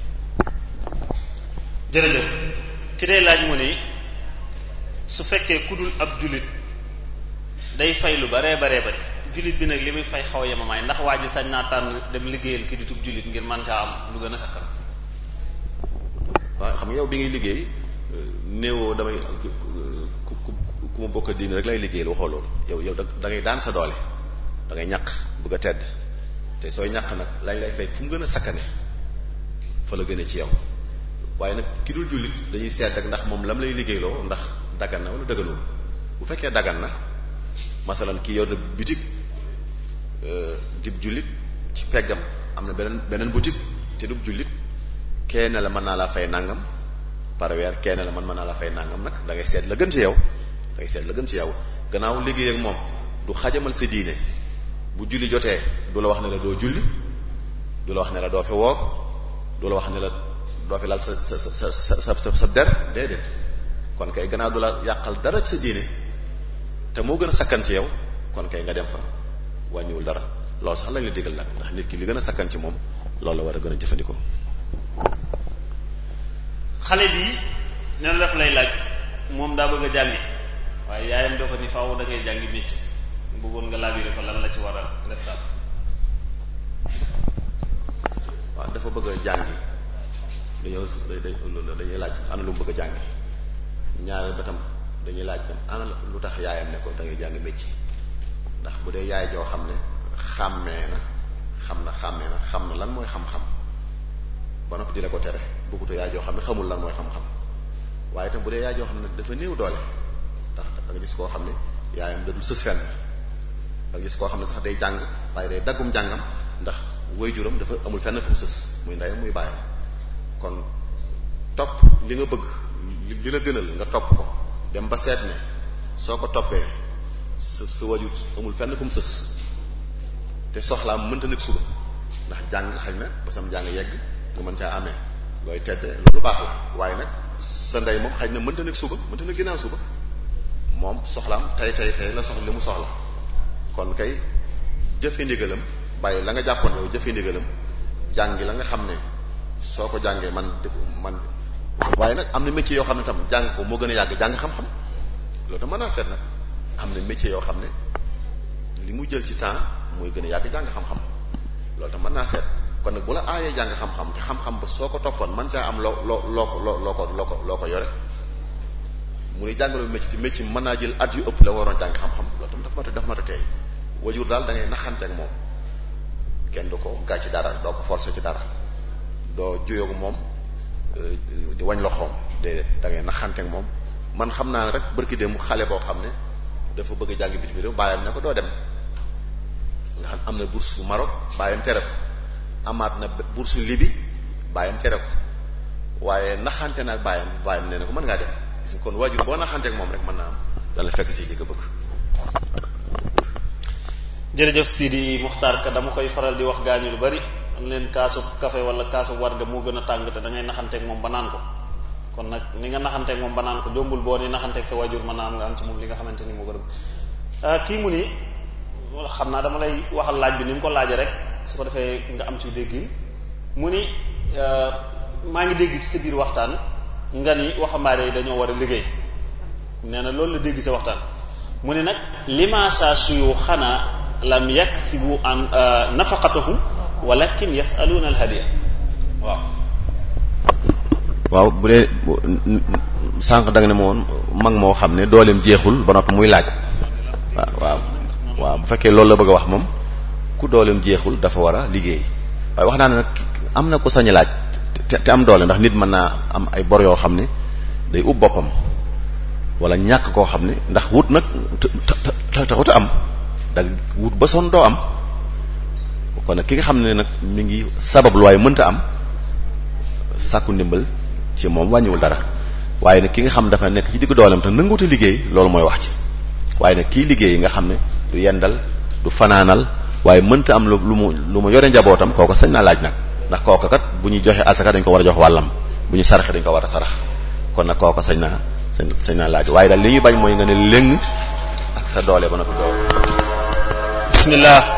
jërëjëf ki day laaj mu ni su fekkee ku dul ab jullit day fay lu baree baree bari. jullit bi nag li muy fay xaw yemamaay ndax waa ji sañ naa tànn dem liggéeyal ki di tub jullit ngir man caa am lu gën a sakkan waaw xam nga yow bi ngay liggéey euh, néewoo damay euh, ku ku ma bokk diine rek lay liggéeyal waxoo loolu yow yow da ngay daan sa doole da ngay ñaq bëgg a tedd te sooy ñaq nag lañ lay fay fu mu gën a sakkane fa la gën a ci yow waaye nag ki dul jullit dañuy seet ak ndax moom lam lay liggéeyloo ndax daggan na wala dagganul bu fekkee daggan na masalan ki yor Euh, dib jullit ci peggam am na beneen beneen boutique te dib jullit kee ne la mën naa laa fay nangam par weer kee ne la man mën naa la fay nangam nag dangay seet la gën ci yow da seet la gën ci yow gannaaw liggéey ak moom du xajamal sa diine bu julli jotee du la wax ne la doo julli du la wax ne la doo fi woog du la wax ne la doo fi lal sa sa sa sa sa sa der déedéet kon kay gannaaw du la yàqal dara ci sa diine te moo gën a sakkan ci yow kon kay nga dem fa wàññiwul dara loolu sax lañ la digal nag ndax nit ki li gën a sakkan ci moom loolu la war a gën a jëfandikoo. xale bi nee na lay laaj moom daa bëgg a jàngi waaye yaayam doo ko ni faaw dangay ngay jàngi métier bëggoon nga labiré ko lan la ci war a def waaw dafa bëgg a jàngi dañoo dañuy laaj ana lu mu bëgg a jàngi ñaareel ba tam dañuy laaj tam ana lu tax yaayam ne ko da ngay jàngi métier. ndax bu dee yaay joo xam ne xàmmee na xam na xàmmee na xam na lan mooy xam-xam ba noppi di la ko tere bëggutu yaay joo xam ne xamul lan mooy xam-xam waaye itam bu dee yaay joo xam ne dafa néew doole ndax da nga gis koo xam ne yaayam dadul sës fenn da xam ne sax day jàng waaye day daggum jàngam ndax juram dafa amul fenn fu sës muy ndeyam muy baayam kon topp li nga bëgg li la gënal nga topp ko dem ba seet ne soo ko toppee sëf wajut amul fenn fu mu sës te soxlaam mënta nekk suba ndax jàng xañ na ba sam jàng yegg nga mën caa amee looy tedde loolu baax la waaye nag sa ndey moom xañ na mënta nekk suba mënta nekk ginnaaw suba moom soxlaam tey tey tey la soxla li mu soxla kon kay jëfe ndigalam bàyyi la nga jàppoon yow jëfe ndigalam jàngi la nga xam ne soo ko jàngee man di man waaye nag am na métier yoo xam ne tam jàng ko moo gën a yàgg jàng xam-xam loolu tam mën a seet nag xam na métier yoo xam ne li mu jël ci temps mooy gën a yàgg jàng xam-xam loolu tam mën naa seet kon nag bu la aayee jàng xam-xam te xam-xam soo ko toppoon man see am loo loo loo ko loo ko loo loo ko yore mu ne jàngaloo métier te métier mën naa jël at yu ëpp la waroon jàng xam-xam loolu tam dafa mat a dafa mat a tey wajur daal da ngay naxante ak moom kenn du ko gàcc ci dara doo ko forcer ci dara doo juyoogu moom euh, di wañ loxoom déedéet da ngay naxante ak moom man xam naa rek barki dem xale boo xam ne dafa bëgg a jàngi bitim réew bàyyam ne ko doo dem nga xam am na bourse bu Maroc bàyyam tere ko amaat na bourse libi bàyyam tere ko waaye naxante na ak bàyyam bàyyam nee na ko mën ngaa dem gis nga kon waajur boo naxante ak moom rek mën naa am dana la fekk ci li nga bëgg jërëjëf Sidi Muxtaar ka dama koy faral di wax gaañu lu bari am leen kaasub café wala war warga moo gën a tàng te da ngay naxanteeg moom ba naan ko kon nag ni nga naxanteeg moom ba naan ko dombul boo ni naxanteeg sa waajur mën naa am nga am ci moom li nga xamante ni moo gën ah, kii mu ni xam naa dama lay waxal laaj bi ni mu ko laajee rek su ko defee nga am ci déggin mu ni ah, maa ngi dégg ci sa biir waxtaan nga ni waxambaane yi dañoo war a liggéey nee na loolu la dégg sa waxtaan mu ni nag limaasa suyu xanaa lam yaksibu an ah, nafaqatahum walakin yasaluuna alhadiya waaw waaw bu dee sànq da ne ma mag moo xam ne dooleem jeexul ba noppi muy laaj waaw waaw bu fekkee loolu la bëgg a wax moom ku dooleem jeexul dafa war a liggéey waaye wax naa ne nag am na ko sañ laaj te am doole ndax nit mën naa am ay bor yoo xam ne day boppam wala ñàkk koo xam ne ndax wut nag taxut a ba son doo am kon nag ki nga xam ne nag mu ngi sabab waaye mënta am sàkku ndimbal ci moom wàññiwul dara waaye nag ki nga xam dafa nekk ci diggu dooleem te nanguute liggéey loolu mooy wax ci waaye nag kii liggéey nga xam ne du yendal du fanaanal waaye mënta am lu mu lu mu yore njabootam kooku sañ naa laaj nag ndax kooku kat bu ñu joxe asaka dañ ko war a jox wàllam bu ñu saraxee dañ ko war a sarax kon nag kooku sañ naa sañ sañ naa laaj waaye daal li ñuy bañ mooy nga ne lëng ak sa doole ba na ko doole bismillah